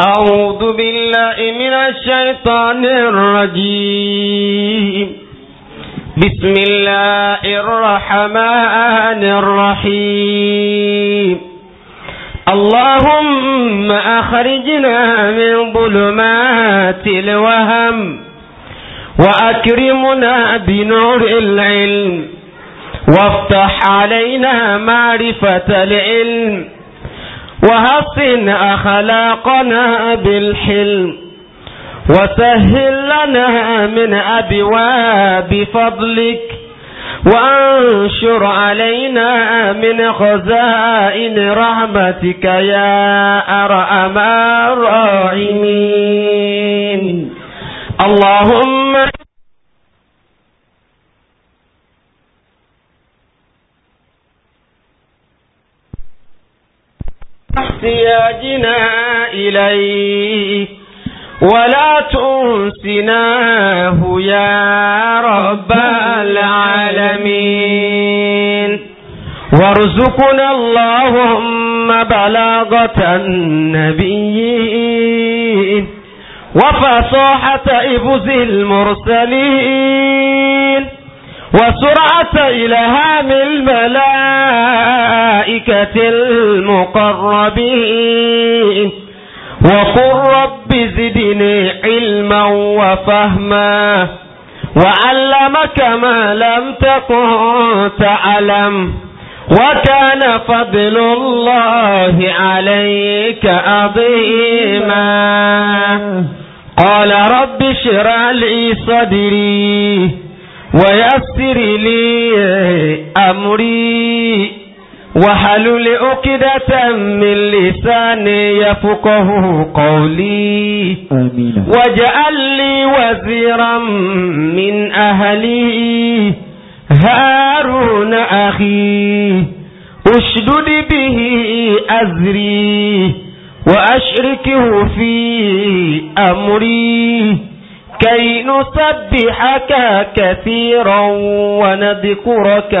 أعوذ بالله من الشيطان الرجيم بسم الله الرحمن الرحيم اللهم أخرجنا من ظلمات الوهم وأكرمنا بنور العلم وافتح علينا معرفة العلم وهفن أخلاقنا بالحلم وسهل لنا من أبواب فضلك وأنشر علينا من خزائن رحمتك يا أرأم الراعمين اللهم احتياجنا إليه ولا تنسناه يا رب العالمين وارزقنا اللهم بلاغة النبيين وفصاحة إبز المرسلين وسرعة إلهام الملائكة المقربين وقل رب زدني علما وفهما وعلمك ما لم تكن تعلم وكان فضل الله عليك عظيما قال رب اشرع لي صدري ويسر لي أمري وحلل أكدة من لساني يفقه قولي آمين واجعل لي وزيرا من أهلي هارون أخي أشدد به أزري وأشركه في أمري كي نسبحك كثيرا ونذكرك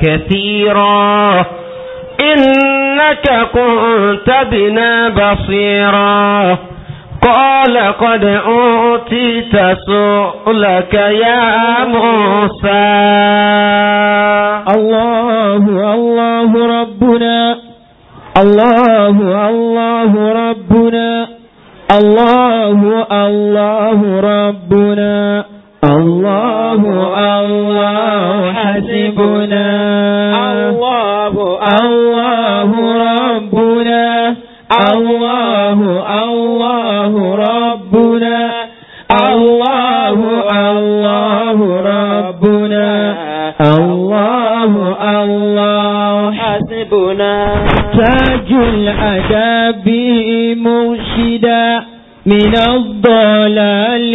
كثيرا إنك كنت بنا بصيرا قال قد أوتيت سؤلك يا موسى الله الله ربنا الله الله ربنا الله الله ربنا الله الله حسبنا الله الله ربنا الله الله ربنا الله الله ربنا الله الله حسبنا تاج العذاب مرشدا من الضلال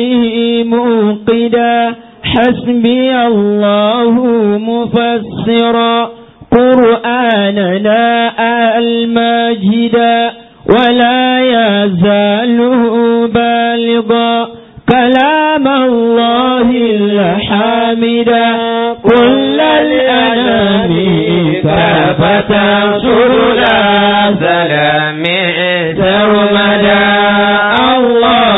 موقدا حسبي الله مفسرا قرآننا الماجدا ولا يزال بالغا كلام الله الحامدا كل الأنام كافة لا سلام سرلا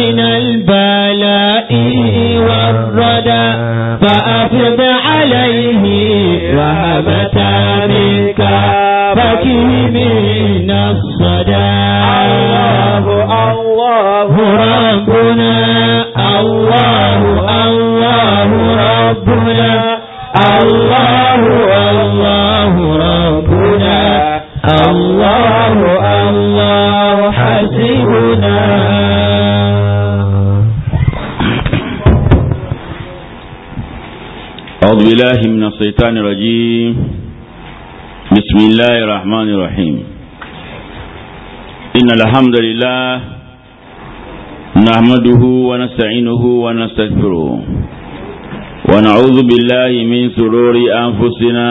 من البلاء والردى فأفض عليه رحمة منك فكه من الصدى الله الله رب بالله من الشيطان الرجيم بسم الله الرحمن الرحيم إن الحمد لله نحمده ونستعينه ونستغفره ونعوذ بالله من سرور أنفسنا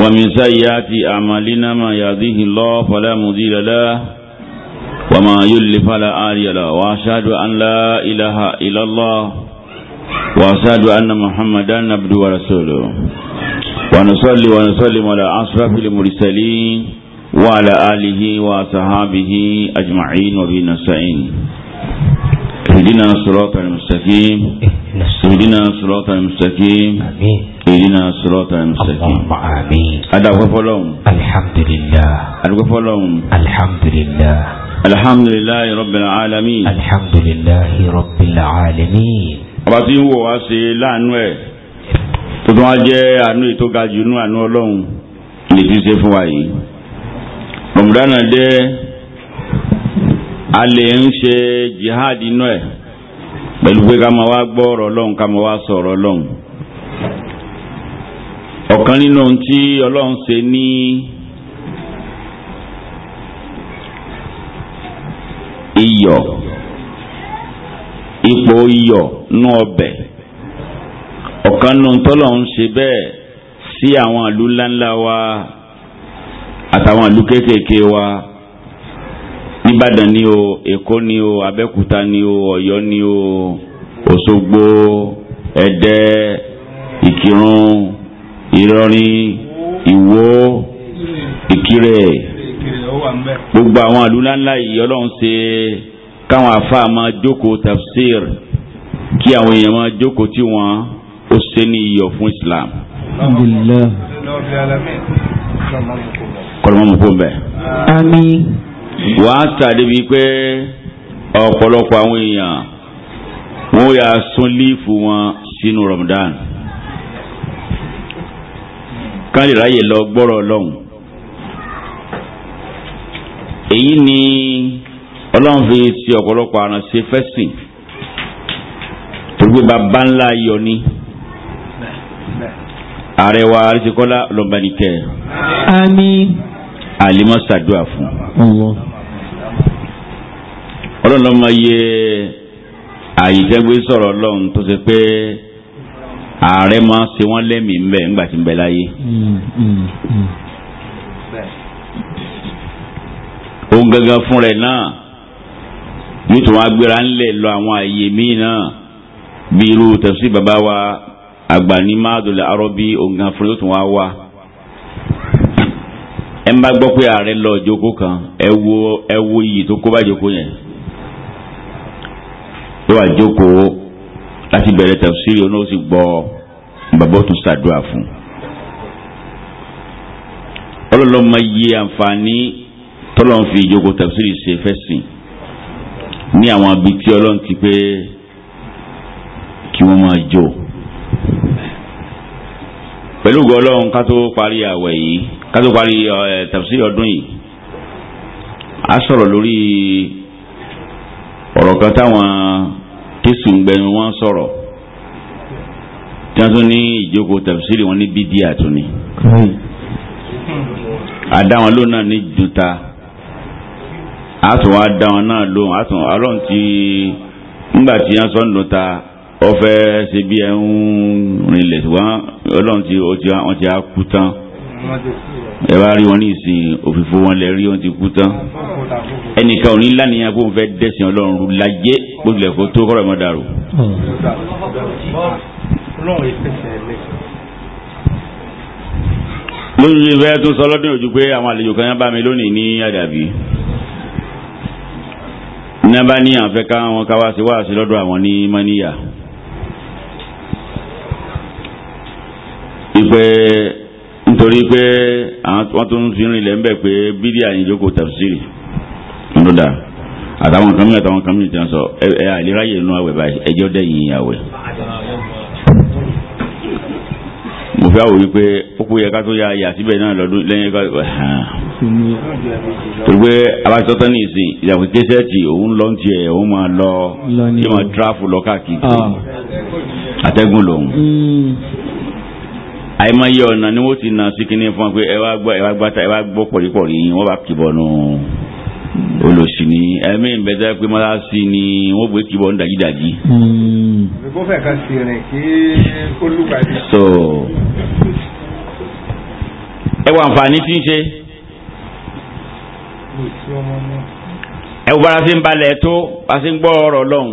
ومن سيئات أعمالنا ما يهديه الله فلا مضل له وما يضلل فلا هادي له وأشهد أن لا إله إلا الله وأشهد أن محمدا عبده ورسوله ونصلي ونسلم على أشرف المرسلين وعلى آله وصحابه أجمعين وبين نستعين اهدنا الصراط المستقيم اهدنا الصراط المستقيم اهدنا الصراط المستقيم آمين أدعو فلوم الحمد لله أدعو فلوم الحمد لله الحمد لله رب العالمين الحمد لله رب العالمين ọba tí ń wò wá ṣe láàánú ẹ̀ tó tún wá jẹ́ àánú ètò ga jù nú àánú ọlọ́run lè ti ṣe fún wa yìí rọmùdánà dé a lè ń ṣe jihad inú ẹ̀ pẹ̀lú pé ká máa wá gbọ́ ọ̀rọ̀ ọlọ́run ká máa wá sọ ọ̀rọ̀ ọlọ́run ọ̀kan nínú ohun tí ọlọ́run ṣe ní. iyọ̀ ipò iyọ̀ nú ọbẹ̀ ọ̀kan nù tọ́lọ̀ ń ṣe bẹ́ẹ̀ sí àwọn ìlú ńláńlá wa àtàwọn ìlú kéékèèké wa nìbàdàn ni o èkó ni o abẹ́òkúta ni o ọ̀yọ́ ni o òṣogbo ẹ̀dẹ́ ìkírun ìlọrin ìwó ìkirè gbogbo àwọn ìlú ńláńlá yìí ọlọ́run ṣe káwọn àfáà máa jókòó tafsir kí àwọn èèyàn máa jókòó tí wọ́n ó ṣe ní iyọ̀ fún Islam. alhamdulillah. kọlọmọ mọ fún bẹ́ẹ̀. àmín. wàá tàdé bíi pé ọ̀pọ̀lọpọ̀ àwọn èèyàn wọ́n yà sún líìfù wọn sínú Ramadan kan lè ráyè lọ gbọ́rọ̀ lọ́hùn èyí ni ọlọ́run fi ti ọ̀pọ̀lọpọ̀ àrùn ṣe fẹ́sìn torí pé bàbá ńlá yọ ni ààrẹ wa arísíkọ́lá lọ́mọbanikẹ́ àmín àlímọ́ ṣàdúrà fún ọlọ́run lọ́mọ yẹ àyè tẹ́gbẹ́ sọ̀rọ̀ ọlọ́run tó ṣe pé ààrẹ máa ṣe wọ́n lẹ́mìí ńbẹ ńgbà tí ń bẹ láyé mm, mm, mm. òun gangan fún rẹ̀ náà. yóò tún wá gbéra lọ àwọn àyè míì náà bí irú tẹ̀sí bàbá wa àgbà ní máàdùlẹ̀ arọ́bí ògùn yóò tún wá wá. ẹ má gbọ́ pé ààrẹ lọ ìjókòó kan ẹ wo ẹ wo iyì tó kó bá ìjókòó yẹn. yóò wá jókòó láti bẹ̀rẹ̀ tẹ̀sí yóò náà sì gbọ́ bàbá òtún ṣàdúrà fún. ọlọ́lọ́ máa yí àǹfààní tọ́lọ́ ń fi ìjókòó tẹ̀sí ṣe fẹ́ ní àwọn ibi tí ọlọ́run ti pé kí wọ́n máa jó pẹ̀lú ògo ọlọ́run ká tó parí àwẹ̀ yìí ká tó parí tafsiri ọdún yìí a sọ̀rọ̀ lórí ọ̀rọ̀ kan táwọn késùngbẹ̀nu wọn sọ̀rọ̀ tí wọ́n tún ní ìjókòó tafsiri wọn ní bídíà tún ni àdá lónà ní juta a tún wá da wọn náà lóhùn a tún ọlọ́run ti nígbà tí yẹn sọ́ndùn ta ọfẹ́ ṣe bí ẹ ń rinlẹ̀ ṣùgbọ́n ọlọ́run ti wọ́n ti á kú tán ẹ bá rí wọn ní ìsìn òfìfo wọn lẹ rí wọn ti kú tán ẹnìkan ò ní lánìyàn kó n fẹ́ dẹ́sìn ọlọ́run rú lajẹ́ bó tilẹ̀ kó tó kọ́rọ̀ mọ́ dàrú. lóyún ìfẹ́ tún sọ lọ́dún òjú pé àwọn àlejò kan yẹn bá mi lónìí ní àdàbí ní abá ní àfẹ́ ká wọn ká wá sí wá sí lọ́dọ̀ àwọn ní mọ́níyà. ìpè nítorí pé wọ́n tún fi rìnlẹ̀ ń bẹ̀ pé bídíà yìí jókòó tafsiri ńlọ́dà àtàwọn kan mìíràn àtàwọn kan mìíràn ti sọ ẹ àìlera yìí nínú àwẹ̀ báyìí ẹjọ́ dẹ̀yìn àwẹ̀ fẹ́ àwò wípé pópó yẹ ká tó yà yà síbẹ̀ náà lọ́dún lẹ́yìn ká torí pé abasọ́tọ́ ní ìsìn ìyàwó kẹsẹ́ẹ̀tì òun lọ ń tiẹ̀ òun máa lọ kí máa tíráfù lọ káàkiri àtẹ́gùn ah. lòun hmm. àìmọye ọ̀nà ni wọ́n ti nà sí kíní fún wa pé ẹ wá gbọ́ pọ̀rípọ̀rí yín wọ́n bá kìbọ̀ nù olùsí ni ẹ̀mí ìbẹ́tẹ́ pé mọ́lá sí ni wọ́n gbé kí wọ́n dàjídàjí. ìgbó hmm. fẹ́ kan sí rìn kí olùpàdé. so ẹ wọ àǹfààní tí ń ṣe. ẹ wọ bára sí ń balẹ̀ tó bá sí ń gbọ́ ọ̀rọ̀ lọ́hùn.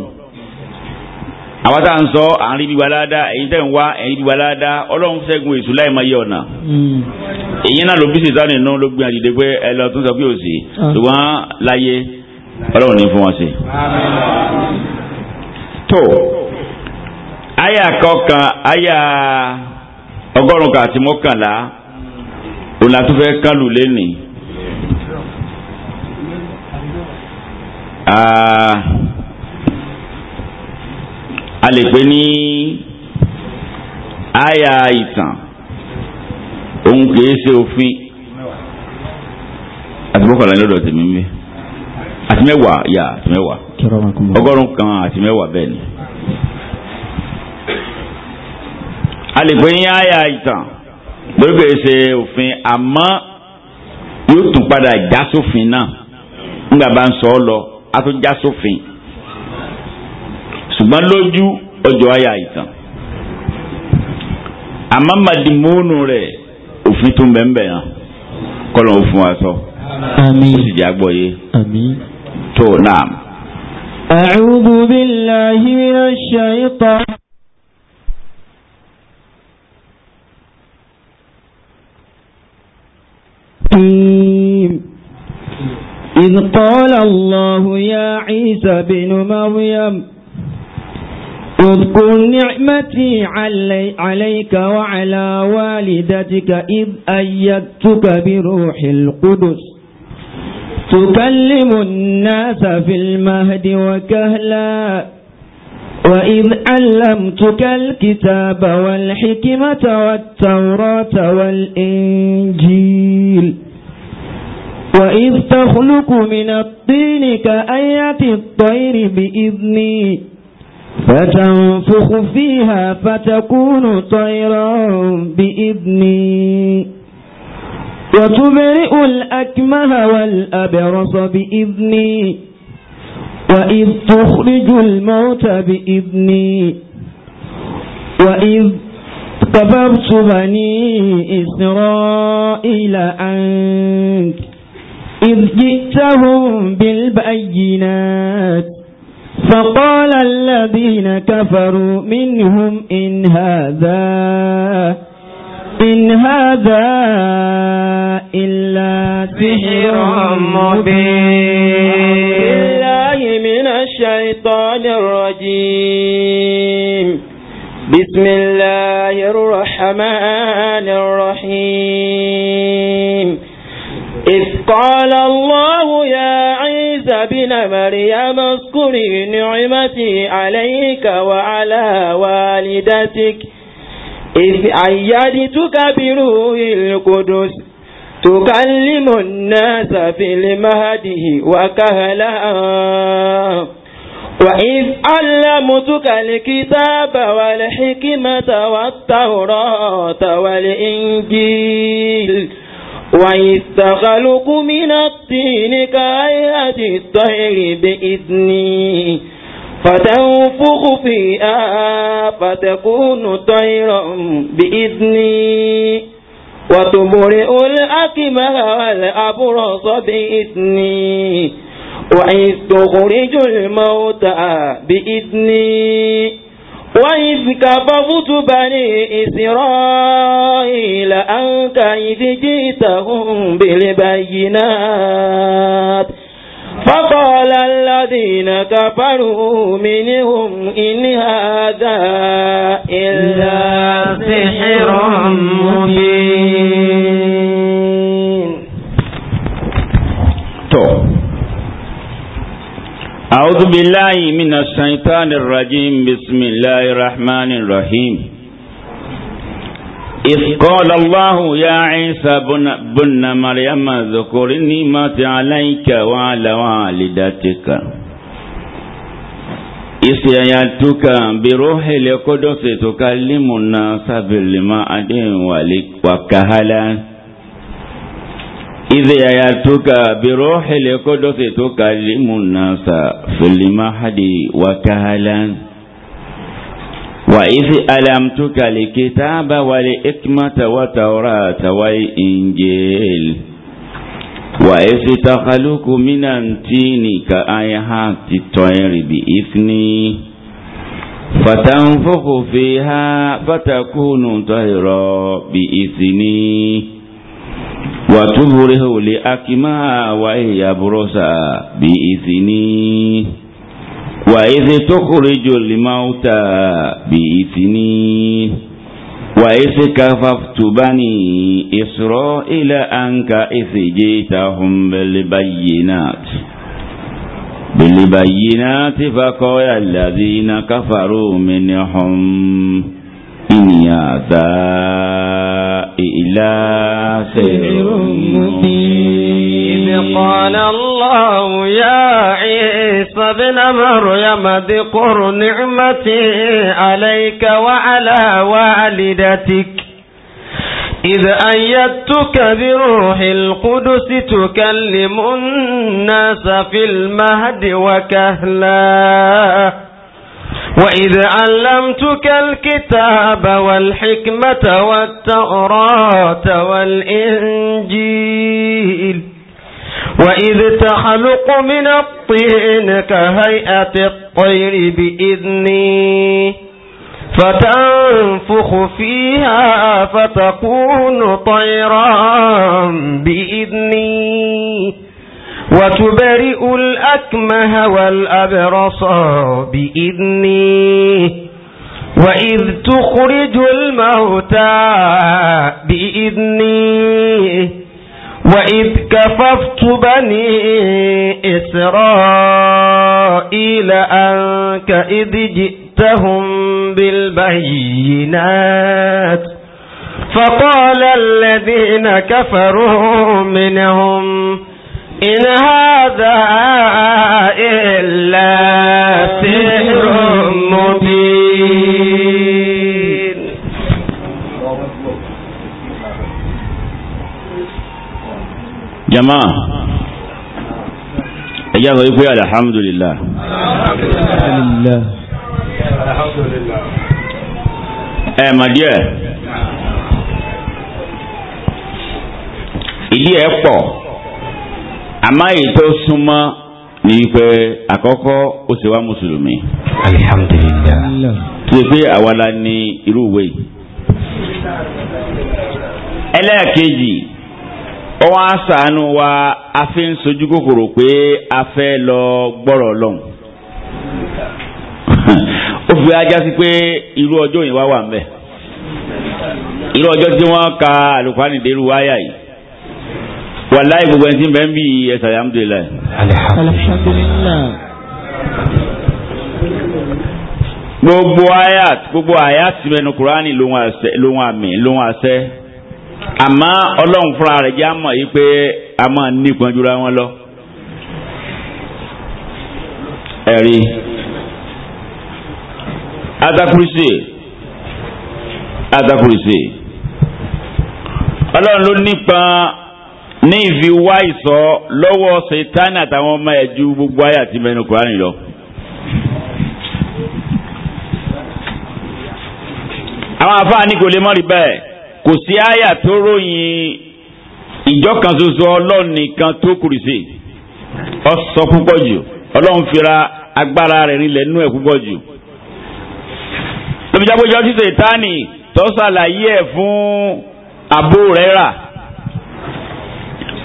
àwa tá à ń sọ à ń rí bí wa dáadáa èyí tẹ̀ ń wá èyí bí wa dáadáa ọlọ́run ṣẹ́gun èṣù láì máa yẹ ọ̀nà. Hmm ìyẹn náà ló bí sèta nínú ló gbìyànjú dé pé ẹ lọ tún sọ pé ò sí ah. ṣùgbọ́n láyé ọlọ́run ní fún wọn sí. tó àyà kọkàn àyà ọgọ́rùn-ún kan àti mọ́kànlá òun la tún fẹ́ kálù lẹ́nìí. a lè pè ní àyà ìtàn òun kìí ṣe òfin àti mọ́kànlá ní ọ̀dọ̀ tèmi mi àti yà àti ọgọ́rùn kan àti bẹ́ẹ̀ ni. a lè pè ní àyà ìtàn lórí kìí ṣe òfin àmọ́ yóò tún padà já sófin náà nígbà bá ń sọ ọ lọ a tún já sófin ṣùgbọ́n lójú ọjọ́ àyà ìtàn àmọ́ màdìmúnù rẹ̀ òfin tó ń bẹ ń bẹ yàn kọ́lọ̀ ń fún wa sọ. àmín. ó sì jẹ́ àgbọ̀ yé. àmín. tó naam. a'udhu billahi minash shaitan. إذ قال الله يا عيسى بن مريم اذكر نعمتي علي عليك وعلى والدتك إذ أيدتك بروح القدس تكلم الناس في المهد وكهلا وإذ علمتك الكتاب والحكمة والتوراة والإنجيل وإذ تخلق من الطين كأية الطير بإذني فتنفخ فيها فتكون طيرا بإذني وتبرئ الأكمه والأبرص بإذني وإذ تخرج الموت بإذني وإذ كفرت بني إسرائيل عنك إذ جئتهم بالبينات فقال الذين كفروا منهم إن هذا إن هذا إلا سحر مبين الله من الشيطان الرجيم بسم الله الرحمن الرحيم إذ قال الله يا عيسى بن مريم اذكر نعمتي عليك وعلى والدتك إذ أيدتك بروح القدس تكلم الناس في المهده وكهلا وإذ علمتك الكتاب والحكمة والتوراة والإنجيل وَيَسْتَخْلُقُ مِنَ الطِّينِ كهيئة الطير بإذني فتنفخ فيها فتكون طيرا بإذني وتبرئ الأكمه والأبرص بإذني وإذ تخرج الموتى بإذني وإذ كففت بني إسرائيل أنك إذ جئتهم بالبينات فقال الذين كفروا منهم إن هذا إلا سحر مبين أعوذ بالله من الشيطان الرجيم بسم الله الرحمن الرحيم إذ قال الله يا عيسى بن, بن مريم اذكر نعمتي عليك وعلى والدتك إذ أيدتك بروح القدس تكلم الناس بالمعد وكهلا إذ يأتوك بروح القدس تكلم الناس في المهد وكهلا وإذ ألمتك الكتاب والحكمة والتوراة والإنجيل وإذ تخلق من التين كأيهات الطير بإثني فتنفخ فيها فتكون طيرا بإثني وتظهره لأكما وهي برسا بإذني وإذ تخرج الموتى بإذني وإذ كففت بني إسرائيل أنك إذ جيتهم بِالْبَيِّنَاتِ بِالْبَيِّنَاتِ فقال الَّذِينَ كَفَرُوا مِنْهُمْ إن هذا إِلَّا سحر قال الله يا عيسى ابن مريم ذكر نعمتي عليك وعلى والدتك إذ أيدتك بروح القدس تكلم الناس في المهد وكهلا وإذ علمتك الكتاب والحكمة والتوراة والإنجيل وإذ تخلق من الطين كهيئة الطير بإذني فتنفخ فيها فتكون طيرا بإذني وتبرئ الأكمه والأبرص بإذني وإذ تخرج الموتى بإذني وإذ كففت بني إسرائيل أنك إذ جئتهم بالبينات فقال الذين كفروا منهم إن هذا إلا سحر مبين jama ẹ jẹ́ àgbà wípé alhamdulillah. alhamdulillah. ẹ mà díẹ̀ ìdí ẹ̀ pọ̀ àmọ́ èyí tó súnmọ́ ni wípé àkọ́kọ́ ó ṣe wá mùsùlùmí. alhamdulillah. tí pé àwa la ní irú ìwé yìí. ẹlẹ́ẹ̀kejì ó wá ṣàánú wa a fi ń sojú kòkòrò pé a fẹ́ lọ gbọ́rọ̀ lọ́hùn ó fi ajá sí pé irú ọjọ́ yìí wá wà ń bẹ̀ irú ọjọ́ tí wọ́n ka àlùfáàní délùú wáyà yìí wàláì gbogbo ẹni tí ń bẹ ń bí ẹsẹ̀ alhamdulilayi. alhamdulilayi. gbogbo ayat gbogbo ayat mẹnu kurani lóhun àṣẹ lóhun àmì lóhun àṣẹ àmọ́ ọlọ́run fúnra rẹ̀ jẹ́ àmọ̀ yìí pé a máa ní ìpọ́njú ra wọn lọ. ẹ̀rí atakurisi atakurisi ọlọ́run ló nípọn ní ìfiwá ìsọ lọ́wọ́ ṣètánì àtàwọn ọmọ ẹ̀ ju gbogbo ayé àti mẹ́nu kúránì lọ. àwọn afáàní kò lè mọ̀ rí bẹ́ẹ̀ kò sí àyà tó ròyìn ìjọ kan ṣoṣo ọlọ́run nìkan tó kùrì sí ọsọ púpọ̀ jù ọlọ́run fira agbára rẹ̀ nílẹ̀ nú ẹ̀ púpọ̀ jù. lóbìjábójá títò ìtánì tó ṣàlàyé ẹ̀ fún àbó rẹ̀ rà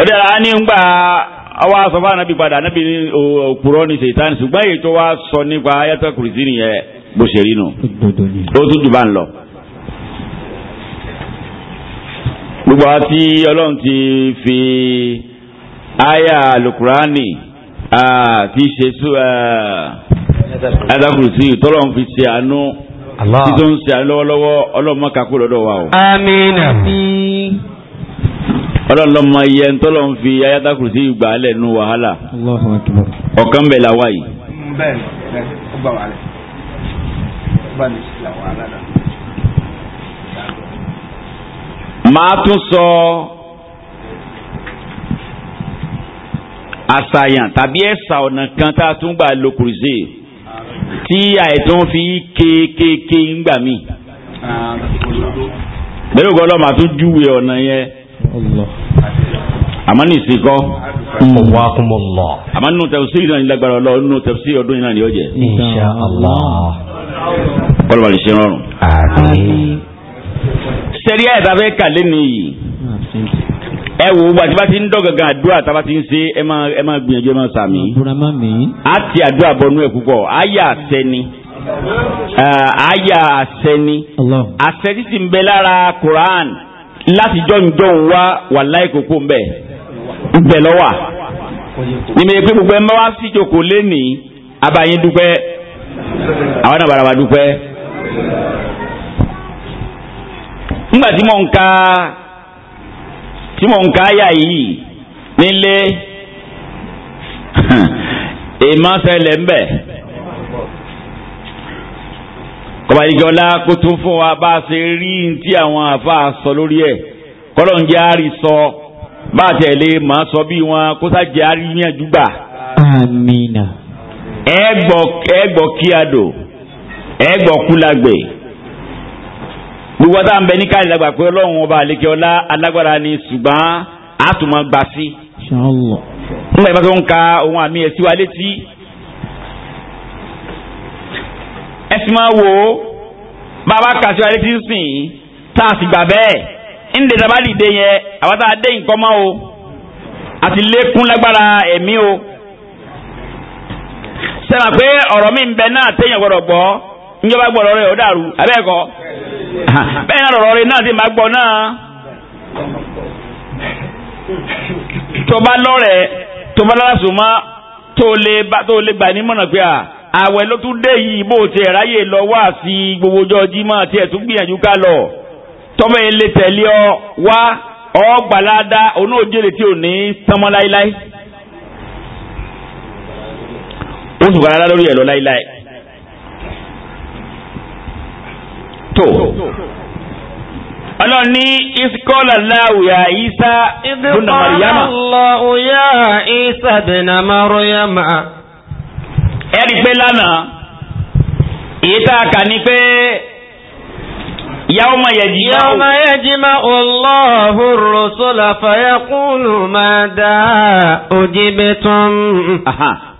ó dára ní gbà àwa sọ fún anabi padà anabi ní òpùrọ́ ní ṣètánì ṣùgbọ́n èyí tó wá sọ nípa ayatollah kùrìsì nìyẹn bó ṣe rí nù ó tún jù bá ń lọ. gbogbo àwọn tí ọlọ́run ti fi àyà alukurani ti ṣe adakulusi tọ́lọ́run fi ṣe àánú tí tó ń ṣe àánú lọ́wọ́lọ́wọ́ ọlọ́run má kakú lọ́dọ̀ wa o. amiina. ọlọ́run lọ́ mọ iye tọ́lọ́run fi àyà adakulusi gbà á lẹ́nu wàhálà ọ̀kan bẹ̀ la wáyé. bẹ́ẹ̀ ni ó bá wà lẹ́ ó bá ní wàhálà náà màá tún sọ àṣàyàn tàbí ẹ̀sà ọ̀nà kan tá a tún gbà lo kùrìsè tí àìtún fi kéékèèké ń gbà mí. bẹ́ẹ̀ gbọ́ lọ́ọ́ màá tún júwe ọ̀nà yẹn àmọ́ ní ìsìnkọ́. wa kumọ̀lọ́. àmọ́ nínú tẹ̀sí ìdúrà ní lágbára ọlọ́ọ̀ nínú tẹ̀sí ọdún ìnáà ni ó jẹ. insha Allah. kọ́lọ́ bá lè ṣe rọrùn. àmín sẹ́rí ẹ̀ tá a fẹ́ kà lẹ́nu yìí ẹ wo wa tí bá ti ń dọ̀ gangan àdúrà tá a bá ti ń ṣe ẹ máa ẹ gbìyànjú ẹ máa sàmì. a ti àdúrà bọnú ẹ púpọ̀ àyà àṣẹni àyà àṣẹni àṣẹ títí ń bẹ lára Quran láti jọ̀njọ̀ ń wá wàláì kókó ń bẹ̀ ń bẹ̀ lọ́wà nìmọ̀ èpè gbogbo ẹ máa wá sí ìjòkó lẹ́nìí abayín dúpẹ́ àwọn náà dúpẹ́ nígbà tí mò ń ka tí mò ń ka àyà yìí nílé èèmọ̀ ṣẹlẹ̀ ń bẹ̀ kọ́bàdìjọ́lá kó tún fún wa bá a ṣe rí ti àwọn àfa sọ lórí ẹ̀ kọ́lọ̀ ń jẹ́ àárí sọ bá a tẹ̀lé màá sọ bí wọn kó sá jẹ́ àárí yẹn júgbà. ẹ gbọ́ ẹ gbọ́ kíadò ẹ gbọ́ kúlagbè gbogbo tá à ń bẹ ní káyọ̀ lágbà pé ọlọ́run ọba àlekè ọlá alágbára ni ṣùgbọ́n a tún máa gbà sí. nígbà yìí bá tó ń ka ohun àmì ẹ̀ sí wa létí. ẹ sì máa wò ó bàbá kà sí wa létí sìn tá a sì gbà bẹ́ẹ̀ ń lè dábàá dìde yẹn àwọn tá nǹkan mọ́ o àti lékún lágbára ẹ̀mí o. sẹ́nà pé ọ̀rọ̀ mi ń bẹ náà téèyàn gbọ́dọ̀ gbọ́ ń gbọ́dọ̀ rẹ̀ ó dàrú abẹ́ẹ̀kọ́. bẹ́ẹ̀ náà lọ̀rọ̀ rẹ náà ti máa gbọ́ náà tó bá lọ́rẹ̀ tó bá lárasùn mọ́ tó lè tó lè gbà ní mọ̀nà pé àwẹ̀ ló tún dé yìí bó tiẹ̀ ráyè lọ wá sí gbogbo ọjọ́ Jímọ̀ tiẹ̀ tún gbìyànjú ká lọ tọ́mọ yẹn lè tẹ̀lé ọ wá ọgbàládá onóòjèrè tí ò ní sánmọ́ láíláí ó sì gbàládá lórí ẹ̀ lọ láíláí. tó ọlọ́run ní isikọ́lá láwùyá isa bùnà mariama. láwùyá isa bùnà mariama. ẹ̀rí pé lánàá èyí tá a kà ní pé yàwùmá yẹjì máa wò. yàwùmá yẹjì máa wò lọ́ọ̀hù rọ̀ṣọ́lá fàyàkùnù máa dá òjì bẹ́tọ̀m.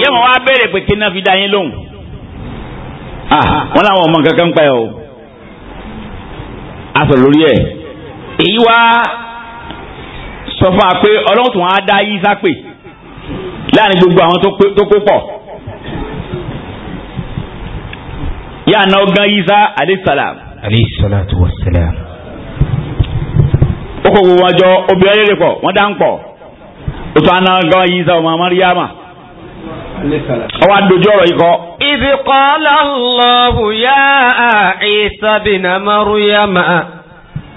yẹ wọn wá bẹ̀rẹ̀ pé kí náà fi dá yín lóhùn ah, ah, wọn làwọn ọmọ kankan pa o a sọ lórí ẹ èyí wá sọ fún wa pé ọlọ́run tó wọn á dá yín sápè láàrin gbogbo àwọn tó kó pọ̀ yà á náwó gan yín sá alẹ́ sàlám. alẹ́ wà sàlám. ó kò wọ́n jọ obìnrin rẹ̀ pọ̀ wọ́n dá ń pọ̀ ó tún á náwó gan yín sá ọmọ Mariama ọwọ́ àdójú ọ̀rọ̀ yìí kọ́. idh qala Allahu ya Isa bin Maryam.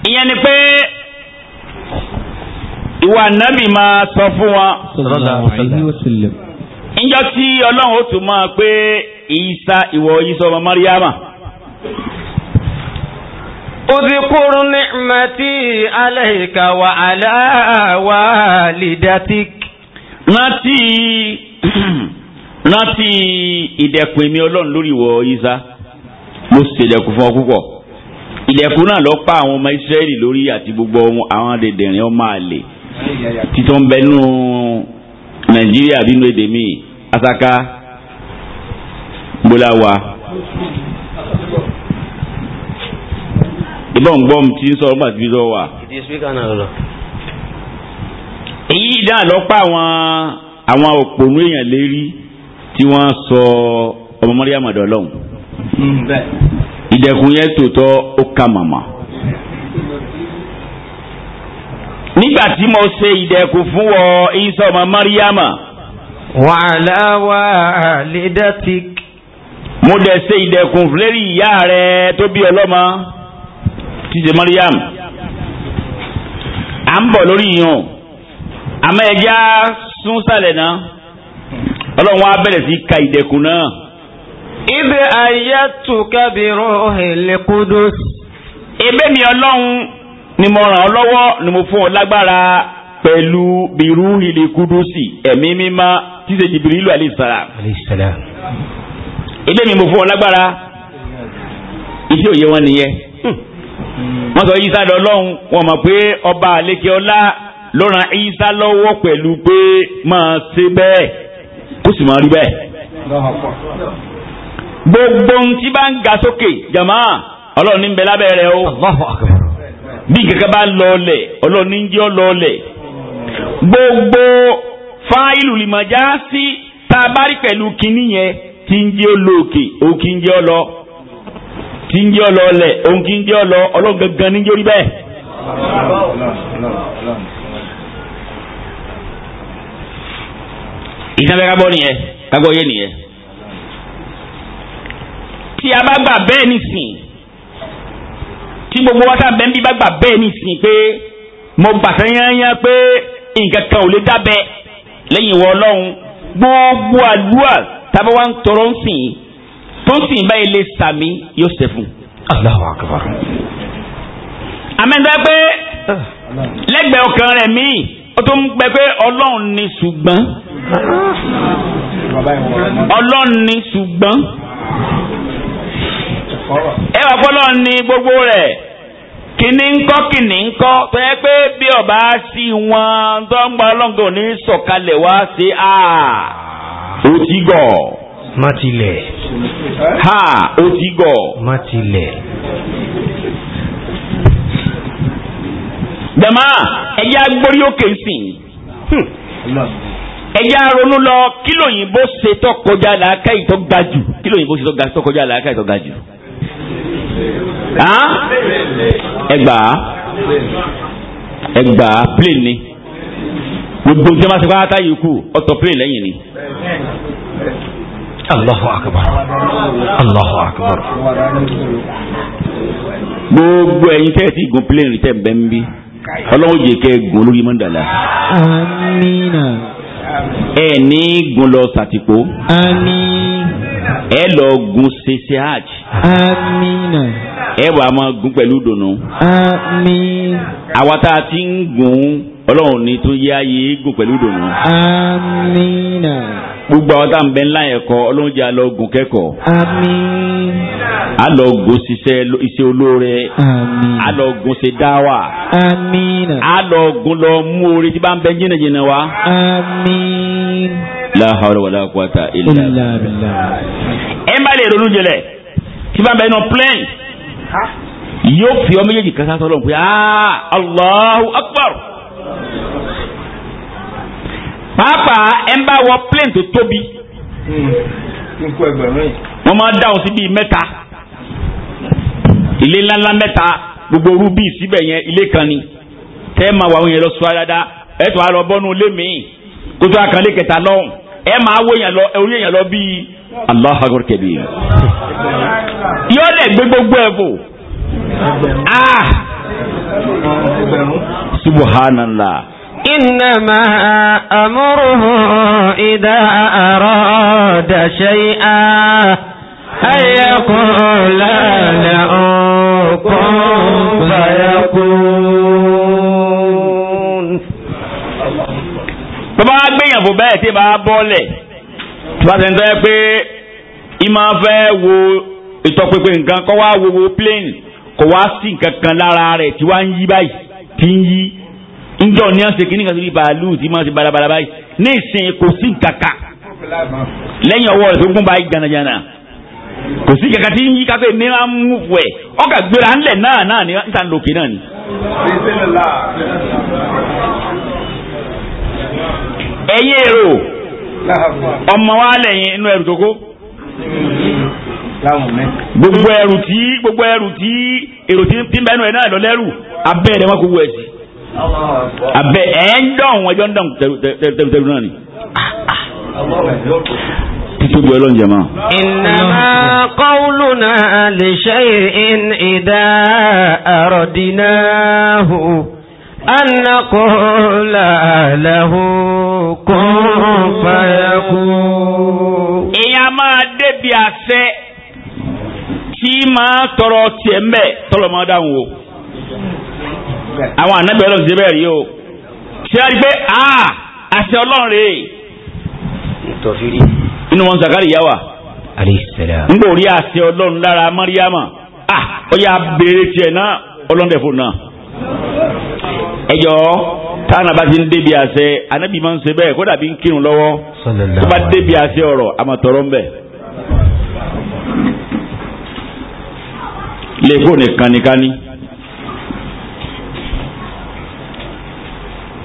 ìyẹn ni pé ìwà nábì máa sọ fún wa. ìjọ tí ọlọ́run ó tún máa pé Isa ìwọ Isa ọmọ Maryama. اذكر نعمتي عليك وعلى والدتك نتي Nati ìdẹ̀kùn èmi ọlọ́run lórí ìwọ isa mo sì ṣèdẹ̀kùn fún ọ púpọ̀ ìdẹ̀kùn náà lọ pa àwọn ọmọ israẹli lórí àti gbogbo àwọn dẹ̀dẹ̀rìn ọmọ àlè títọ́ ń bẹ nínú nàìjíríà bínú èdè mi asaka gbọ́dá wa. ìbọn ń gbọ́ mi ti ń sọ ọgbà tí sọ wà. èyí dáa lọ pa àwọn àwọn òpònú èèyàn lérí tí wọ́n sọ ọmọ Mariam dọ́lọ́hùn. Mm, ìdẹ̀kùn yẹn tòótọ́ ó ka màmá. nígbà tí mo ṣe ìdẹ̀kùn fún wọ Isa ọmọ Mariam. wàhálà wà á lè dá ti. mo dẹ̀ ṣe ìdẹ̀kùn fúlẹ́rì ìyá rẹ̀ tó bí ọlọ́mọ tíṣe Mariam. à ń bọ̀ lórí yìí hàn àmọ́ ẹja sún sálẹ̀ náà ọlọ́run wa bẹ̀rẹ̀ sí ka ìdẹ̀kùn náà. ibi ayé tukẹ́ bí ruhi ebe mi ọlọ́run ni mo ràn ọ́ lọ́wọ́ ni mo fún ọ lágbára pẹ̀lú bí ruhi likudusi ẹ̀mí mímá tíṣe jìbìrìlù alayhi salam. alayhi salam. ebe mi mo fún ọ lágbára iṣẹ́ òye wọn nìyẹn wọ́n sọ Ìsá dọ̀ lọ́hùn wọn mọ̀ pé ọba àlekè ọlá ló ràn Ìsá lọ́wọ́ pẹ̀lú pé máa ṣe bẹ́ẹ̀. tó sì máa rí bẹ́ẹ̀. gbogbo ohun tí bá ń ga sókè ọlọ́run ní ń bẹ lábẹ́ o bí bá lọ ọlẹ̀ ọlọ́run ní ń jẹ́ ọlẹ̀ gbogbo fáìlù sí tá a bá rí pẹ̀lú kinní yẹn tí ń jẹ́ lọ òkè ń jẹ́ tí ń ọlọ ọlẹ̀ ìsànfẹ́ kábọ́ nìyẹn kágbọ́ yé nìyẹn. tí a bá gbà bẹ́ẹ̀ nìsín tí gbogbo wa sábẹ́ ń bí bá gbà bẹ́ẹ̀ nìsín pé mo gbàtà yányá pé nǹkan kan ò lè dábẹ́ lẹ́yìn ìwọ ọlọ́run gbogbo àdúrà tábà wà ń tọrọ ń sìn tó ń sìn báyìí lè sàmì yóò ṣe fún. Allahu akbar. àmẹ́ńdá pé ah. lẹ́gbẹ̀ẹ́ ọkàn rẹ̀ míì. ó tún ń pé ọlọ́run ni ṣùgbọ́n ọlọ́run ni ṣùgbọ́n ẹ wà fọlọ́ ni gbogbo rẹ̀ kìnní ńkọ́ kìnní ńkọ́ tó yẹ pé bí ọba sí wọn tó ń gba ọlọ́run ò ní sọ̀kalẹ̀ wá sí a ó ti gọ̀. má tilẹ̀. ha ó ti gọ̀. má tilẹ̀. jama ẹ̀yà gbórí òkè sìn hmm. ẹ̀yà ronú lọ kílò òyìnbó ṣe tó kọjá làákà ìtọ́ ga jù kílò òyìnbó ṣe tó kọjá làákà ìtọ́ ga jù. ẹgbà ẹgbà plane ni gbogbo jẹ́ máa ṣe pátá yìí kú ọ̀tọ̀ plane lẹ́yìn ni. Allahu akbar Allahu akbar. Gbogbo ẹ̀yin tẹ́ ẹ ti gun plane rí bẹ́ẹ̀ bí ọlọ́run jẹ́ kẹ́ gun olórí mọ́ndàlá. amina. ẹ ní gun lọ sàtìpó. àmín. ẹ lọ gun ṣẹṣẹ hajj. amina. ẹ wà á máa gun pẹ̀lú dùnú. àmín. àwa tá a ti ń gun ọlọ́run ní tó yá yé gun pẹ̀lú dùnú. amina. gbogbo àwọn tá à ń bẹ ńlá yẹn kọ ọlọ́run gùn àlọ́ ogun kẹ́kọ̀ọ́. àmín. àlọ́ ogun ṣiṣẹ́ dáwà. lọ mú orí tí bá ń bẹ wa. àmín. la hawla wala quwwata ilé ẹ má lè ronú jẹlẹ tí bá ń bẹ inú plẹ́ẹ̀n yóò fi ọ méjèèjì kásá aa ah, Allahu akbar. pàápàá ẹ ń bá wọ plane tó tóbi. wọ́n máa dáhùn sí bíi mẹ́ta ilé ńláńlá mẹ́ta gbogbo rúbì síbẹ̀ yẹn ilé kan ni tẹ́ ẹ máa wà wọ́n yẹn lọ sọ dáadáa ẹ tó a lọ bọ́nu ilé mi kótó àkànlé kẹta lọ́hùn ẹ máa wọ yẹn lọ orí yẹn lọ bíi Allahu Akbar kabir yóò lè gbé gbogbo ẹ̀ bò ah subhanallah. إنما أمره إذا أراد شيئا أن يقول له كن فيكون bàbá gbìyànjú bẹ́ẹ̀ tí bàbá bọ́ọ̀lẹ̀ tí bàbá sẹ́ńtọ́ yẹ pé ìmọ̀ fẹ́ wo ìtọ́pinpin nǹkan kọ́ wá wo wo plane kò wá sí nǹkan kan lára rẹ̀ tí wá ń yí báyìí tí ń yí njọ ní àṣẹ kìíní kan síbi bàálù tí máa ṣe balabala báyìí ní ìsìn kò sí kàkà lẹ́yìn ọwọ́ rẹ̀ tó gún báyìí jànàjànà kò sí kàkà tí yí káfẹ́ ní máa ń mú wẹ̀ ọkà gbéra ńlẹ̀ náà náà ní ìta lòkè náà ni. ẹ̀yin èrò ọmọ wa lẹ́yìn inú ẹrù tó kó gbogbo ẹrù tí gbogbo ẹrù tí èrò tí ń bẹ́ẹ̀ nù ẹ̀ náà lọ lẹ́rù abẹ́ẹ̀rẹ̀ wọn kò wú ẹ̀ sí abẹ ẹ ń dán wọn ẹjọ ń dán tẹrù náà ni. títóbi ọlọ́run jẹ máa. innama qawluna li shay'in idha aradnahu an naqula lahu kun fayakun. ìyá máa débi àṣẹ tí máa tọrọ tiẹ̀ mbẹ́ tọ́lọ̀ máa dáhùn o àwọn ànábì ọlọ́run ti bẹ́ẹ̀ rí o ṣé wàá pé a àṣẹ ọlọ́run rè é inú wọn Zakariya wà nígbà orí àṣẹ ọlọ́run lára Mariama ah ó yà béèrè tiẹ̀ náà ọlọ́run dẹ̀ fò náà ẹjọ́ táwọn abá ti ń débi àṣẹ anábì máa ń ṣe bẹ́ẹ̀ kódà bí ń kírun lọ́wọ́ tó bá débi àṣẹ ọ̀rọ̀ àmọ̀tọ̀rọ̀ ń bẹ̀. lè kó nìkan nìkan ni. Kani.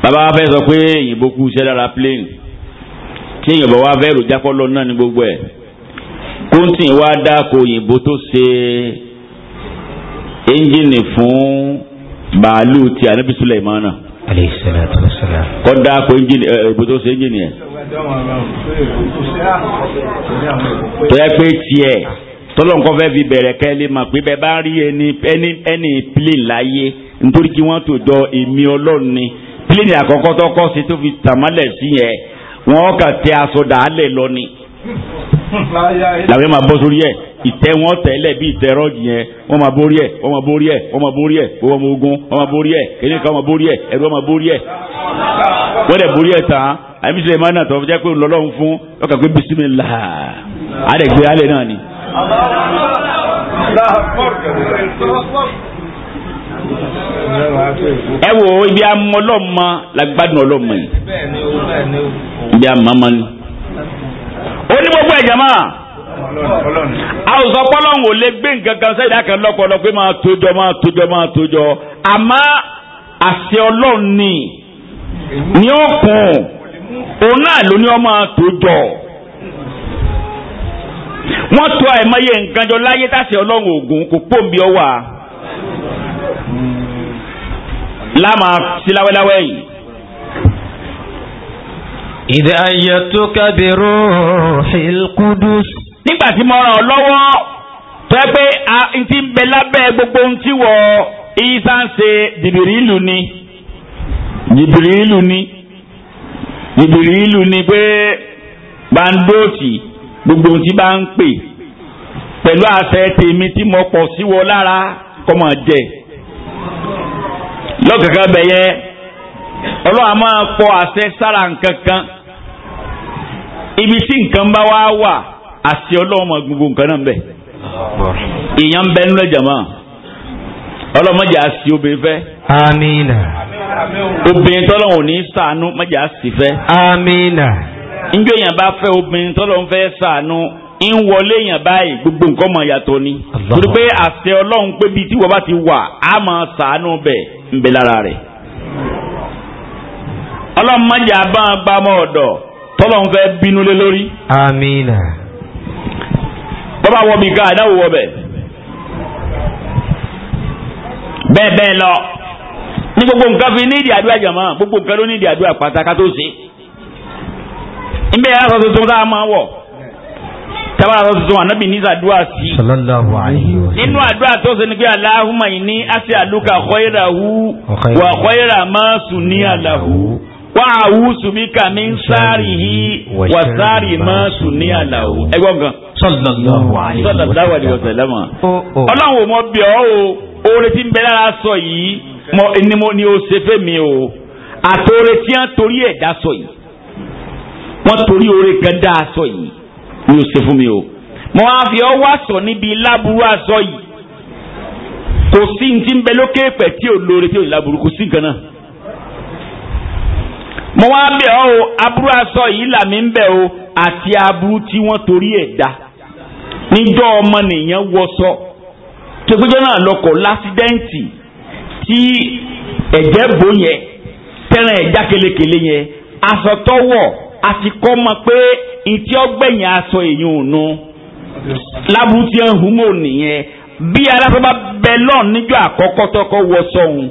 bàbá wa fẹ́ sọ pé èyìnbó kú iṣẹ́ dára plane tí èyàn bá wá fẹ́ rò jápọ̀ lọ náà ní gbogbo ẹ̀ kóńtì wa dáko òyìnbó tó ṣe ẹ́ńjìnì fún bàálù ti ànábì Sùlẹ̀mánà kọ́ dáko ẹ́ńjìnì òyìnbó tó ṣe ẹ́ńjìnì ẹ̀ tó yẹ pé tiẹ̀ tọ́lọ́nkọ́ fẹ́ fi bẹ̀rẹ̀ kẹ́lẹ́ mà pé bẹ́ẹ̀ bá rí ẹni plane láyé nítorí kí wọ́n tó jọ èmi ọlọ́run pílẹ̀nì àkọ́kọ́ tó kọ́ sí tó fi tàmálẹ̀ sí yẹn wọ́n kà tẹ aṣọ dàálẹ̀ lọ ni làwọn máa bọ́ sórí ẹ̀ ìtẹ́ wọn tẹ̀lẹ̀ bí ìtẹ́ rọ́ọ̀jì yẹn wọ́n máa borí ẹ̀ wọ́n máa borí ẹ̀ wọ́n máa borí ẹ̀ wọ́n máa ogun wọ́n máa borí ẹ̀ kìnìún kan máa borí ẹ̀ ẹ̀rọ máa borí ẹ̀ wọ́n dẹ̀ borí ẹ̀ tán àbí sèé máa nà tó jẹ́ pé lọ́lọ́run fún ọkà pé bisimilá ẹ wo ibi amọ ọlọ́mọ la gbádùn ọlọ́mọ ibi amọ ọmọ ni ó ní gbogbo ẹ̀jẹ̀ máa àwùjọ pọ́lọ́hún ò ma gbé nǹkan kan sẹ́yìn àkàn lọ́pọ̀lọ́ pé máa tójọ máa tójọ máa tójọ àmọ́ àṣẹ ọlọ́run ni ní ọ̀kùn òun náà ló ní ọmọ àtójọ wọ́n tó àìmọye nǹkan jọ láyé táṣẹ ọlọ́run ògùn kò pòǹbí ọwà láàmà síláwẹ́láwẹ́ yìí. ìdá ayé tó kábíró hilkudus. nígbà tí mo ràn ọ́ lọ́wọ́ tó yẹ pé a ti ń bẹ lábẹ́ gbogbo ohun tí wọ ìsà ń ṣe jìbìrìlù ni jìbìrìlù ni jìbìrìlù ni pé bandóòtì gbogbo ohun tí bá ń pè pẹ̀lú àṣẹ tèmi tí mo pọ̀ sí wọ lára kọ́mọ̀ jẹ́ lọ́kàkà bẹ̀ yẹn ọlọ́run a máa pọ àṣẹ sára nǹkan kan ibi tí nǹkan bá wá wà àṣẹ ọlọ́run máa gbogbo nǹkan náà bẹ̀ ìyẹn ń bẹ nínú ẹ̀jẹ̀ mọ́ ọlọ́run má jẹ́ àṣì obìnrin fẹ́. amina. obìnrin tọ́lọ́run ò ní sànú má jẹ́ àṣì fẹ́. amina. njó èèyàn bá fẹ́ obìnrin tọ́lọ́run fẹ́ sànú ń wọlé èèyàn báyìí gbogbo nǹkan mọ̀ yàtọ̀ ni. torí pé àṣẹ ọlọ́run pé bíi tí wọ́n bá ti wà á máa sànú bẹ́ẹ̀ ń bẹ lára rẹ̀ ọlọ́run má jà bá a gbá mọ́ ọ̀dọ̀ tọ́lọ́run fẹ́ bínú lé lórí. amiina. bọ́bá wọ mi ká àdáwò wọ bẹ̀. bẹ́ẹ̀ bẹ́ẹ̀ lọ ní gbogbo nǹkan fi ní ìdí àdúrà jàmọ́ gbogbo nǹkan ló ní ìdí àdúrà pàtàkì tó ń bẹ́ẹ̀ yàrá sọ tuntun tá a máa wọ̀ tàbá a tuntun ànábì ní àdúrà sí. sallallahu alayhi wa sallam. nínú àdúrà tó ṣe ni pé aláhùnmá yìí ní àti àlùkà kọ́yẹ̀dàwù wà kọ́yẹ̀dà máa sùn ní àlàhù wà áwù sùmíkà mi sáàrì yìí wà sáàrì máa sùn ní àlàhù. ẹ gbọ́ nǹkan. sallallahu alayhi wa sallam. sallallahu alayhi wa sallam. Oh, oh. ọlọ́run ò mọ bí ọ o oore tí ń bẹ lára sọ yìí ni mo ni o ṣe fẹ́ mi o àtòore tí wọ́n torí ẹ̀dá sọ yìí wọ́n torí oore kan dáa sọ yìí ní o ṣe fún mi o mo máa fi ọwọ́ àsọ níbi láburú àsọ yìí kò sí ní ti ń bẹ lókè pẹ̀ tí ò lóore tí ò láburú kò sí nǹkan náà mo wá bẹ̀ ọ́ o aburú àsọ yìí là mí ń bẹ̀ o àti aburú tí wọ́n torí ẹ̀ dá níjọ́ ọmọ wọṣọ tó náà lọkọ̀ lásídẹ́ǹtì tí ẹ̀jẹ̀ bò yẹn tẹ́ràn ẹ̀já kelekele yẹn aṣọ tọ́wọ̀ àti kọ́ mọ̀ pé ìtí ọgbẹ̀yìn aṣọ èyí ò nu lábúrú tí ń humó nìyẹn bí aláfẹ́ bá bẹ lọ́ọ̀ níjọ́ àkọ́kọ́ tọkọ wọ sọ́hun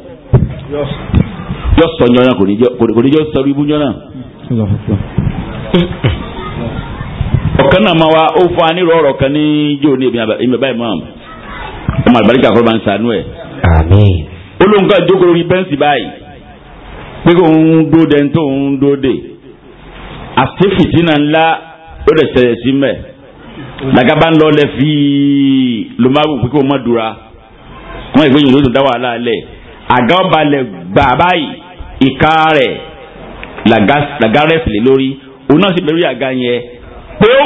yọ sọ yọnyọ kò ní jọ sọ ibú yọ náà. ọ̀kan náà máa wa ó fún wa nírọ̀ ọ̀rọ̀ kan ní jò ní èmi báyìí mọ́ ọmọ àlùbáríkà kọ́ bá ń sànú ẹ̀. olóńgbà jókòó orí bẹ́ǹsì báyìí pé kò ń dóde ń tó ń àti fìtínà ńlá ó lè ṣẹlẹ̀ sí mẹ́ làgàbà ńlọ lẹ fi lomaru pé kí wọ́n má dura wọ́n ìgbé yìí ló tún dá wàhálà lẹ̀ àga ọba lẹ̀ gbà báyìí ìka rẹ̀ làgà rẹ̀ fìlẹ̀ lórí òun náà sì bẹ̀rù àga yẹn pé ó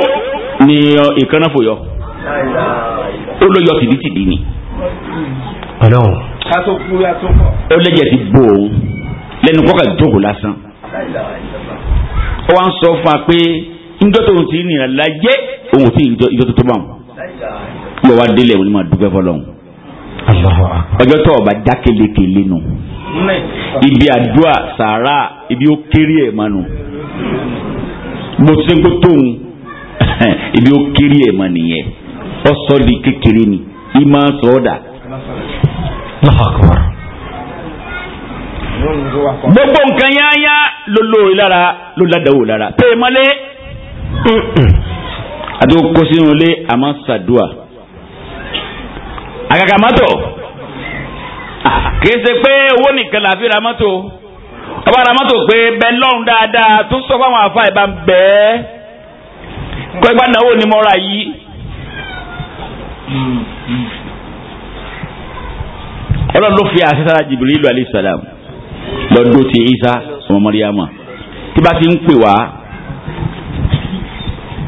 ní ìkànnà fòyọ ó lọ yọ tìdítìdí ni. ọlọ́run. ká tó kú yá tó kọ. ó lẹ́jẹ̀ ti bò òun lẹ́nu kọ́kà jókòó lásán ó wá ń sọ fún wa pé njọ́ tó ń ti nìyà lajẹ́ òun ò tí ìjọ tó tó bá wọn. yóò wá délé òun ni mà dúpẹ́ fọlọ́hún. ọjọ́ tó ọba dá nù. ibi àdúrà sàárà ibi ó kéré ẹ̀ mà nù. mo ti ń kó tóun ibi ó kéré ẹ̀ mà nìyẹn. ọsọ di kékeré ni ìmọ̀ sọ̀ọ́dà gbogbo nǹkan yáyá ló lóore lára ló ládàáwò lára pé mọ́lé àti kó sínú ilé àmọ́ sàdúà àgàgà mọ́tò kìí ṣe pé owó nìkan la fi ra mọ́tò ọba ra mọ́tò pé bẹ́ẹ̀ lọ́run dáadáa tó sọ fáwọn afá ìbá ń bẹ́ẹ̀ kọ́ ìgbà náà ó ní mọ́ra yìí ọlọ́run ló fi àṣẹ sára Jibrilu alayhi salam lọ́dún ti isa ọmọ mọ́ríyámà tí bá ti ń pè wá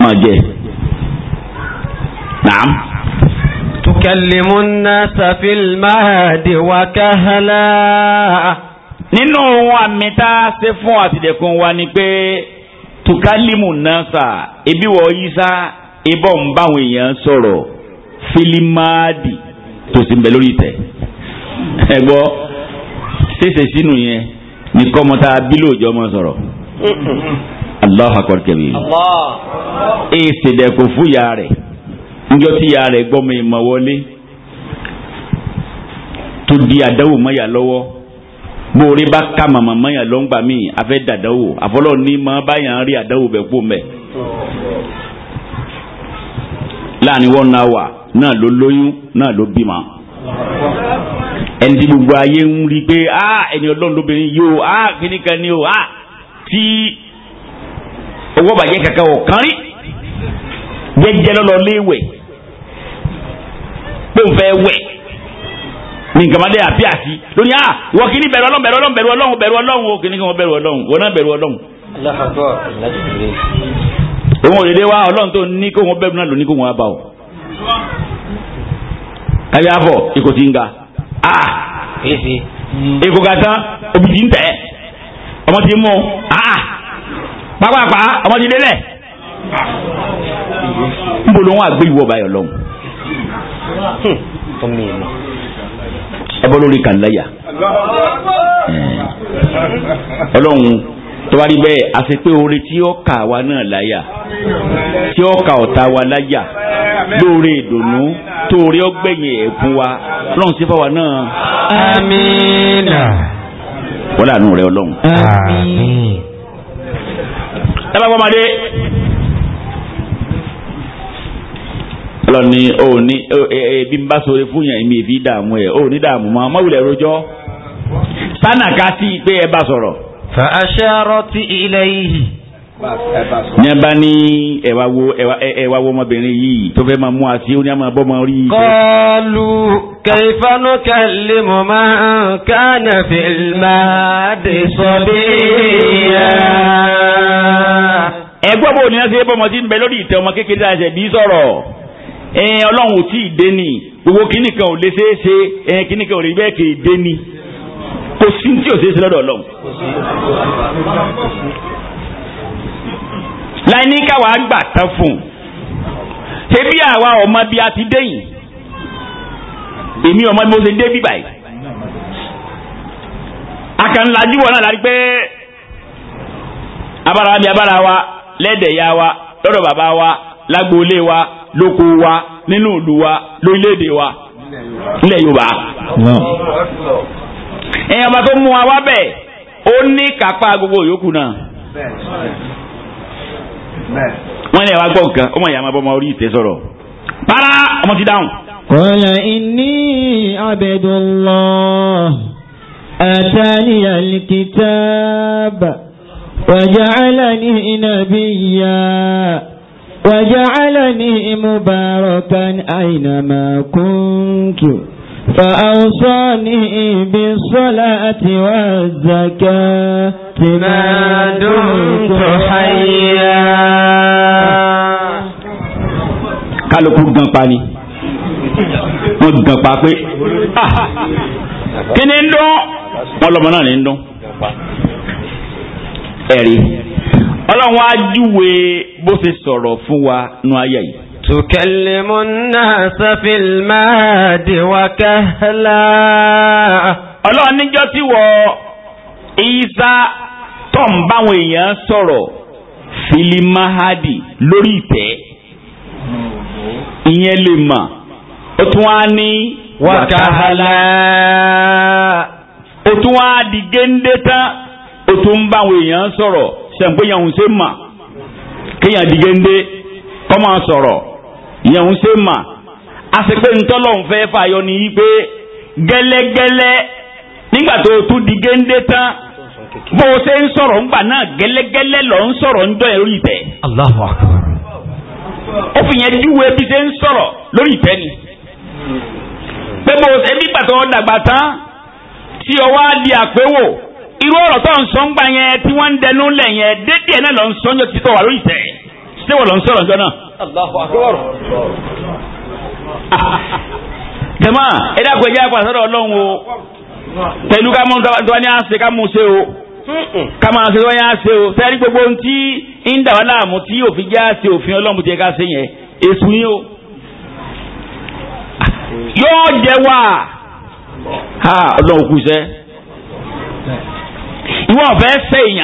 máa jẹ naam. tukallimu nnasa fil mahdi wa kahala. nínú ohun àmì tá a ṣe fún àtìlẹ́kùn wa ni pé tukalimu nasa ebi wọ isa ibọ ń báwọn èèyàn sọ̀rọ̀ filimaadi tó sì ń bẹ lórí tẹ ẹ gbọ́ ṣèṣe sínú yẹn ní kọ́mọ tá a bí lóòjọ́ mọ́ sọ̀rọ̀. Allahu akbar kabir. èsì dẹ̀kọ̀ fún ya rẹ̀ njọ́ tí ya rẹ̀ mi mọ̀ wọlé tó di àdáwò mọ́yà lọ́wọ́ bóore bá ka màmá mọ́yà lọ́ngbà míì afẹ́ dàdáwò àfọlọ́ ní mọ́ báyà ń rí àdáwò bẹ̀ kú mẹ́. láàrin wọn náà wà náà ló lóyún náà ló bímọ ẹni tí gbogbo ayé ń rí pé a ah, ẹni ọlọ́run lóbìnrin yìí o a ah, kíní kan ni o a ah, tí owó bàjẹ́ kankan ò kán rí jẹ́jẹ́ lọ́lọ́ léwẹ̀ pé n fẹ́ wẹ̀ ní nǹkan àbí àti lónìí a wọ kíní bẹ̀rù ọlọ́run bẹ̀rù ọlọ́run bẹ̀rù ọlọ́run bẹ̀rù ọlọ́run o kíní kan bẹ̀rù ọlọ́run wọn náà bẹ̀rù ọlọ́run. òun ò lè dé wá ọlọ́run tó ní kóun bẹ̀rù náà lóní kóun wá bá o. káyọ̀ àbọ̀ ikò ti ń ga a èsì èkó gàtán òbí ti ń tẹ̀ ti mú a ah, pápápá ọmọ ti délẹ̀ ń bolo wọn àgbé ìwọ báyọ̀ lọ́hùn hmm, ẹ bọ́ lórí kàn láyà eh, ọlọ́run tọ́wárí bẹ́ẹ̀ àti pé oore tí ó kà wá náà láyà tí ó kà ọ̀tá wa láyà lóore ìdùnnú tó oore ọgbẹ̀yìn ẹ̀kún wa lọ́run sí fáwa náà. amiina. wọ́n lànà rẹ̀ ọlọ́run. amiin. dábàá pọ́nmadé. ọlọ́ni òní ebi ń bá sọ̀rọ̀ e, e, fún yàn èmi èfi dààmú ẹ̀ òní dààmú mọ́ ọmọ wulẹ̀ rojọ́ sànà sí pé ẹ bá sọ̀rọ̀ fàṣàrọ́tì ilayhi. ní a bá ní ẹ̀wà wo ẹ̀wà wo ọmọbìnrin yìí tó fẹ́ máa mú àti ó ní a máa bọ́ máa rí. qalu kayfa nukallimu man kana fil mahdi sabiyya. ẹgbọ́n bò ní a ṣe bọ́mọ tí ń bẹ lórí ìtẹ́ ọmọ kékeré àṣẹ bí sọ̀rọ̀ ọlọ́run ò tí dé ni gbogbo kíníkan ò lè ṣeé ṣe ẹ ò lè bẹ́ẹ̀ kéde ni kò sí tí òṣèré sí lọ́dọ̀ ọlọ́run. láì ní káwa gbà tán fún un ṣebí àwa ọmọ bíi a ti dé yìí èmi ọmọ bí mo ṣe dé bí báyìí akànlájú wọn náà láti pé abára bíi abára wa lẹ́dẹ̀ẹ́yà wa lọ́dọ̀ bàbá wa lágboolé wa lóko wa nínú ìlú wa lórílẹ̀‐èdè wa nílẹ̀ Yorùbá èèyàn bá tó mú wa wá bẹ̀ ó ní kápá gbogbo yòókù náà. wọ́n ní ẹ̀ wá gbọ́ nǹkan ó mọ̀ ìyá máa bọ́ ọmọ orí ìtẹ́ sọ̀rọ̀ para ọmọ ti dáhùn. kọ́lá ìní abẹ́dọ́lọ́ àtàlí àlìkìtàbà wàjàálàní nàbíyà. وجعلني مباركا أينما كنت فأوصاني بالصلاة والزكاة ما دمت حيا kálukú gan pa ni wọn gan pa pé kí ni ń dún wọn lọmọ náà ni ń dún ẹ̀rí ọlọ́run á júwe bó ṣe sọ̀rọ̀ fún wa nú ayé yìí تكلم الناس في المهد وكهلا ọlọ́run níjọ́ tí wọ èèyàn sọ̀rọ̀ lórí ìtẹ́ ìyẹn lè mà ó tún wá ní wàkàhálà ó tún wá di èèyàn sọ̀rọ̀ ń ṣe mà sọ̀rọ̀ yẹn ṣe mà a sì pé ntọ́lọ́hún fẹ́ fàyọ ní yí pé gẹ́lẹ́gẹ́lẹ́ nígbà tó o tún di géńdé tán bó o ṣe lọ ń sọ̀rọ̀ ń fi yẹn ṣe ń lórí ìtẹ́ ni. pé bó o ṣe dàgbà tán di àpéwò irú ọ̀rọ̀ tó ń yẹn tí wọ́n dẹnu lẹ̀ yẹn dédé náà lọ ń ṣé wọ́n lọ ń sọ̀rọ̀ jọ́nà. jama ẹ dákun ẹ jẹ́ àpàtà sọ́dọ̀ ọlọ́run o pẹ̀lú ká mú tọ́wá ní àṣẹ ká mú ṣe o ká máa ṣe tọ́wá ní àṣẹ o sẹ́ni gbogbo ohun tí ń dà wá láàmú tí òfin jẹ́ àṣẹ òfin ọlọ́run ti ká ṣe yẹn èṣù ni o yóò jẹ wá ha ọlọ́run kù sẹ́ ìwọ ọ̀fẹ́ sẹ́yìn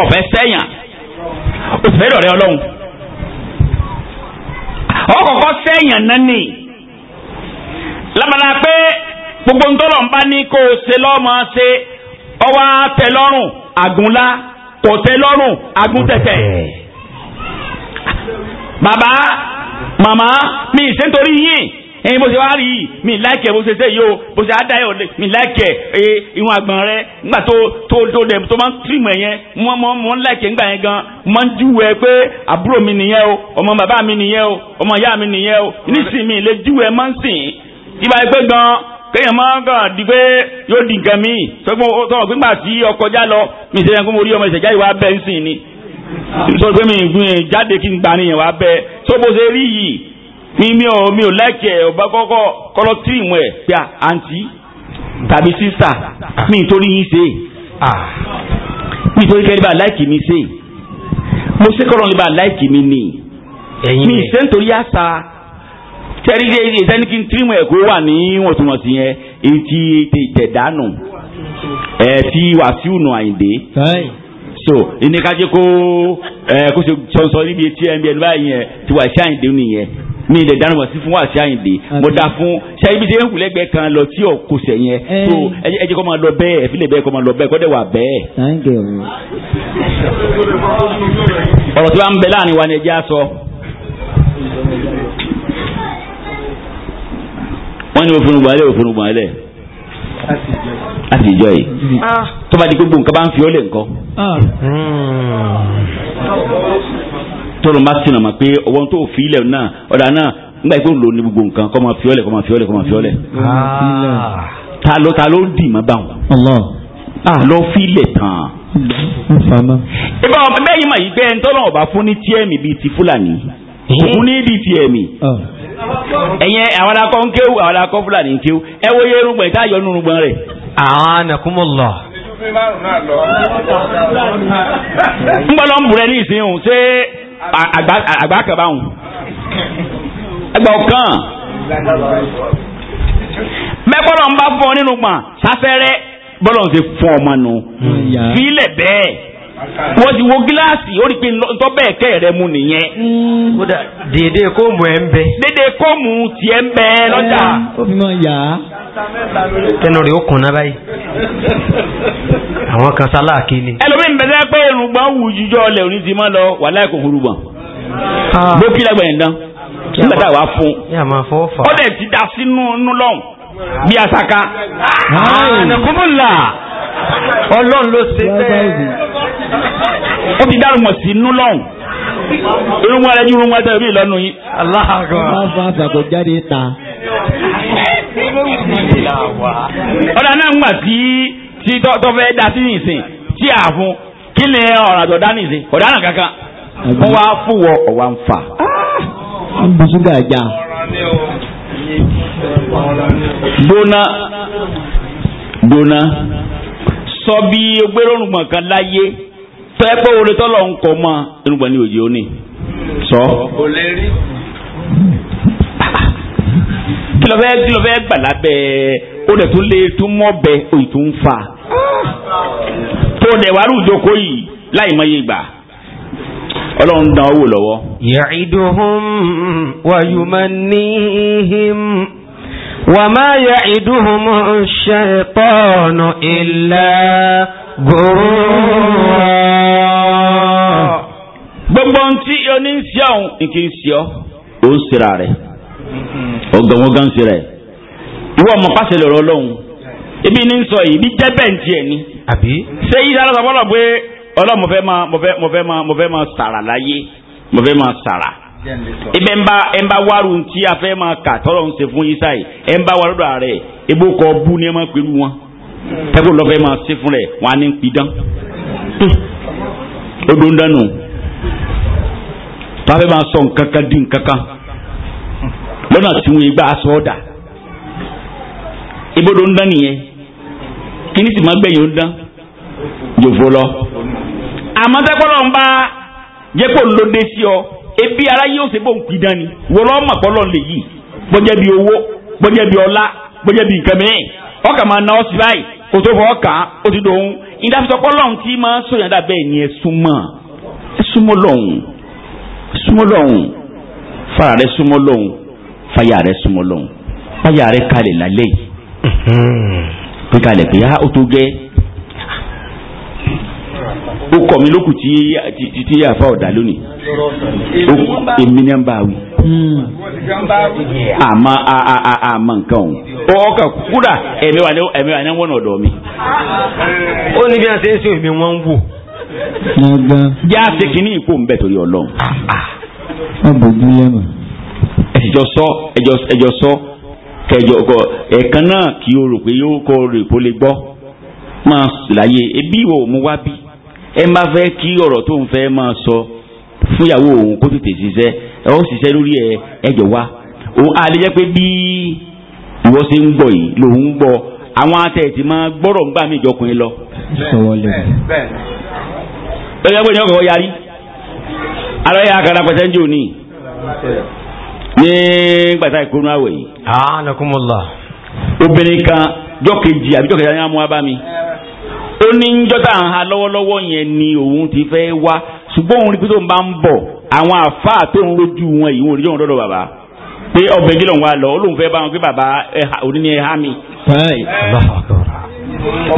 ọ̀fẹ́ sẹ́yìn o sì fẹ́ dọ̀rẹ́ ọlọ́run ọkọ̀ọ̀kọ́ sẹ́yìn náà nì lábala pé gbogbo ntọ́lọ̀ ń bá ní kó o ṣe lọ́mọ ṣe ọwọ́ tẹ lọ́rùn àgúnlá kò tẹ àgúntẹ̀tẹ̀ bàbá màmá mi ìṣèǹtorí yìí ẹyin bó ṣe wá rí yìí mi láìkẹ́ bó ṣe ṣe yìí o bó ṣe á dá yọ̀ mi láìkẹ́ ẹ ìwọ̀n àgbọ̀n rẹ nígbà tó tó tó dẹ̀ tó máa ń tìrìmù ẹ̀yẹn mọ́ mọ́ mọ́ ń láìkẹ́ nígbà yẹn gan mọ́ ń júwèé pé àbúrò mi nìyẹn o ọmọ bàbá mi nìyẹn o ọmọ ìyá mi nìyẹn o nísìnyí lè júwèé mọ́ ń sìn ibà yẹn pé gan kéèyàn máa ń kàn di pé yóò di nǹkan míì sọ́kùn sọ́kùn pé nígbà tí ọkọ̀ já lọ mi ṣe yẹn kó mo rí ọmọ ìṣẹ̀já ìwà bẹ́ẹ̀ ń sìn ni sọ pé mi ìgbìyànjú jáde kí n gbà nìyẹn wà bẹ́ẹ̀ tó bó ṣe rí yìí ní mi ò mi ò láìkí ẹ̀ ọba kọ́kọ́ kọ́lọ́ tírìmù ẹ̀ pé àǹtí ah, tàbí sísà mi nítorí yín ṣe ah, mi nítorí kẹ́lẹ́ bá láìkí mi ṣe mo ṣe kọ́lọ́ ní bá mi ni mi ṣe nítorí àṣà tẹ́rí dé ìṣẹ́ni kí n tírìmù ẹ̀ kó wà ní wọ̀ntúnwọ̀nsì yẹn èyí ti tẹ̀dánù ẹ̀ ti wàásù nù àyìndé so ìníkàjẹ́ kó ẹ̀ kó ṣe sọ níbi etí ẹ̀ ń bí ẹni báyìí yẹn ti wà sí àyìndé nìyẹn mi ilẹ̀ dáná wá sí fún wàásù àyìndé mo dá fún ṣáà ibi tí ń kulẹ̀ gbẹ kan lọ tí ò kò sẹ̀ yẹn tó ẹ jẹ́ kó máa lọ bẹ́ẹ̀ ẹ̀fílẹ̀ bẹ́ẹ̀ kó máa lọ bẹ́ẹ̀ kó dẹ̀ wà bẹ́ẹ̀. ọ̀rọ̀ tí wàá ń bẹ láàrin wa ni ẹjẹ́ á sọ. wọ́n ní òfin gbàlẹ̀ òfin gbàlẹ̀ láti ìjọ yìí ah. tó di gbogbo nǹkan bá ń fi ó lè nǹkan. Ah. Hmm tọ́lọ́ máa sinà mà pé ọwọ́ tó fi ilẹ̀ náà ọ̀dà náà nígbà yìí kó lò ní gbogbo nǹkan kọ́ máa fiọ́lẹ̀ kọ́ máa fiọ́lẹ̀ kọ́ máa fiọ́lẹ̀. ta ló ta ló ń dì má bá wọn. lọ fi ilẹ̀ tán. ìbá bẹ́yìn mà yìí pé ẹni tọ́lọ́ ọ̀bá fún ní tíẹ̀mì bíi ti fúlàní òun ní bíi tíẹ̀mì. Ah. ẹ̀yẹn àwọn akọ́ ń kéwù àwọn akọ́ fúlàní ń kéwù ẹ wo yẹ irúgbọ̀n ìta yọ nínúgbọ̀n rẹ̀. àánàkúmọ̀lá ń bùrẹ́ ní ìsìn ṣé àgbà kàbáhùn ẹgbẹ́ ọ̀kan mẹ́kọ́lọ́ ń bá fún ọ nínú gbọ̀n sáfẹ́rẹ́ bọ́lọ̀ ń ṣe fún ọmọ nù fílẹ̀ bẹ́ẹ̀ wọ́n ti wo gíláàsì ó rí i pé ntọ́ bẹ́ẹ̀ kẹ́ rẹ mu nìyẹn. Mm. kódà dèdè kóòmù ẹ̀ ń bẹ. dèdè kóòmù tiẹ̀ ń bẹ lọ́jà. ó fi mọ̀ yá. tẹnu rẹ̀ ó kùn náà báyìí àwọn kan sáláàkì ni. ẹlòmíì ń bẹ̀rẹ̀ pé irùngbọ̀n wù jújọ́ ọlẹ̀ òní ti máa lọ wà láì kò furùgbọ̀n. Ah. bó kí lágbà yẹn dán nígbà tá a wá fún. ó dẹ̀ ti da sínú nulọ́n bí asaka. Ah. ànàkúmùlà ọlọ́run ló ṣe bẹ́ẹ̀. ó ti dárò mọ̀ sí nulọ́n irunmu alẹ́ ju irunmu alẹ́ bí ìlọ́nu yín. aláàgọ́. máa fa àgbàdo jáde ta. ọ̀dà náà ń gbà tí tí tó fẹ́ da sí nìsín tí a fún kí ni ọ̀rọ̀ àtọ̀dá nìsín ọ̀daràn kankan wọ́n wá fún wọ ọ̀wá ń fà. ń ah! bu ṣúgà já. gbóná gbóná sọ bí ogbéròrùngbọ̀n kan láyé tẹ́ pé orin tọ́lọ̀ ń kọ́ mọ́ irúgbọ̀n ní òjì òní sọ. kí ló fẹ́ kí ló fẹ́ gbà lábẹ́ ó dẹ̀ tún lé tún mọ́ bẹ òyì tún fà tó dẹ̀ wá rúdòkó yìí láì mọye gbà ọlọ́run dán owó lọ́wọ́. ya'iduhum wa yumannihim wa ma ya'iduhum ash-shaytanu gbogbo ohun tí oní ń ṣe ọ̀hún ni kì í ṣe ọ́ ó ń ṣera rẹ̀ ọ̀gànwọ́gàn ṣe rẹ̀ ìwọ ọmọ pàṣẹ lọ́rọ̀ ọlọ́run èmi ní sọ yìí bí jẹ́ bẹ́ẹ̀ tiẹ̀ ni. àbí. ṣé yíyá lọ́sọ̀ fọlọ́ pé ọlọ́ mo fẹ́ máa mo fẹ́ mo fẹ́ máa mo fẹ́ máa sàrà láyé mo fẹ́ máa sàrà. ibẹ̀ ń bá ẹ̀ ń bá wárù tí a fẹ́ máa kà tọ́lọ̀ ń ṣe fún yísà yìí ẹ̀ ń bá wárù dọ̀ rẹ̀ ebó kọ bú ni ẹ máa pẹ̀lú wọn tẹ́kù lọ́fẹ́ máa ṣe fún rẹ̀ wọn á ní pidán. ó dó ń dánù tàbí máa sọ nǹkan kan di nǹkan kan lọ́nà tí wọ́n gbà sọ́ọ̀dà ibodò ń dán nìyẹn kíní sì máa gbẹ̀yìn ó dán jòfó lọ. àmọ́ sẹ́kọ́lọ́ ń bá jẹ́ kó lóde sí ọ ebi ara yóò ṣe bó ń pin dání wọ́n lọ́ mọ̀ pọ́lọ́ lè yìí bọ́jẹ́ bí owó bọ́jẹ́ bí ọlá bọ́jẹ́ bí nǹkan mìíràn ọkà máa na ọ́ sí báyìí kò tó fọ́ ọkà ó ti dòun ìdáfisọ́pọ́ lọ́hùn tí máa sọ̀yàn dàbẹ́ ni ẹ súnmọ́ ẹ súnmọ́ lọ́hùn súnmọ́ lọ́hùn fara rẹ súnmọ́ lọ́hùn fàyà rẹ súnmọ́ lọ́hùn fàyà rẹ kalẹ̀ lálẹ́ yìí. Hmm pé kalẹ̀ pé ah, ó tó gẹ́ ó kọ̀ mí lókù tí tí àfa ọ̀dà lónìí èmi ni à ń bá wí. àmọ́ àmọ́ nǹkan o ọkà kúrà ẹ̀mí wà ní wọ́n ọ̀dọ̀ mi. ó ní bí wọ́n ṣe ń sọ èmi wọ́n ń wò. jẹ́ àṣekínní ìkó ń bẹ̀ torí ọlọ́run. ọ̀bùn sọ ẹ̀jọ̀ sọ. kẹjọ kọ ẹ̀ẹ̀kan náà kí o rò pé yóò kọ rè kó lè gbọ́ máa láyé ebi ìwọ òun wá bí ẹ má fẹ́ kí ọ̀rọ̀ tó ń fẹ́ máa sọ fúnyàwó òun kó tètè ṣiṣẹ́ ẹ ó ṣiṣẹ́ lórí ẹ ẹjọ wá òun á lè jẹ́ pé bí ìwọ ṣe ń yìí lòun ń gbọ́ àwọn máa gbọ́rọ̀ ń gbà mí ìjọkùnrin lọ. ọkọ̀ alọ́ yà pẹ̀sẹ̀ ń jò ní. ní gbàtà ìkónú àwẹ̀ yìí. anakumula. obìnrin kan jọ́kejì àbí jọ́kejì ni wọ́n mú wá bá mi. ó ní jọ́tà ń ha lọ́wọ́lọ́wọ́ yẹn ni òun ti fẹ́ wá ṣùgbọ́n òun rí pé tó ń bá ń bọ̀ àwọn àfáà tó ń rojú wọn yìí wọn ò rí jọ́wọ́n dọ́dọ̀ bàbá pé ọbẹ̀ kí ló ń wá lọ olóhùn fẹ́ bá wọn pé bàbá òní ni ẹ há mi.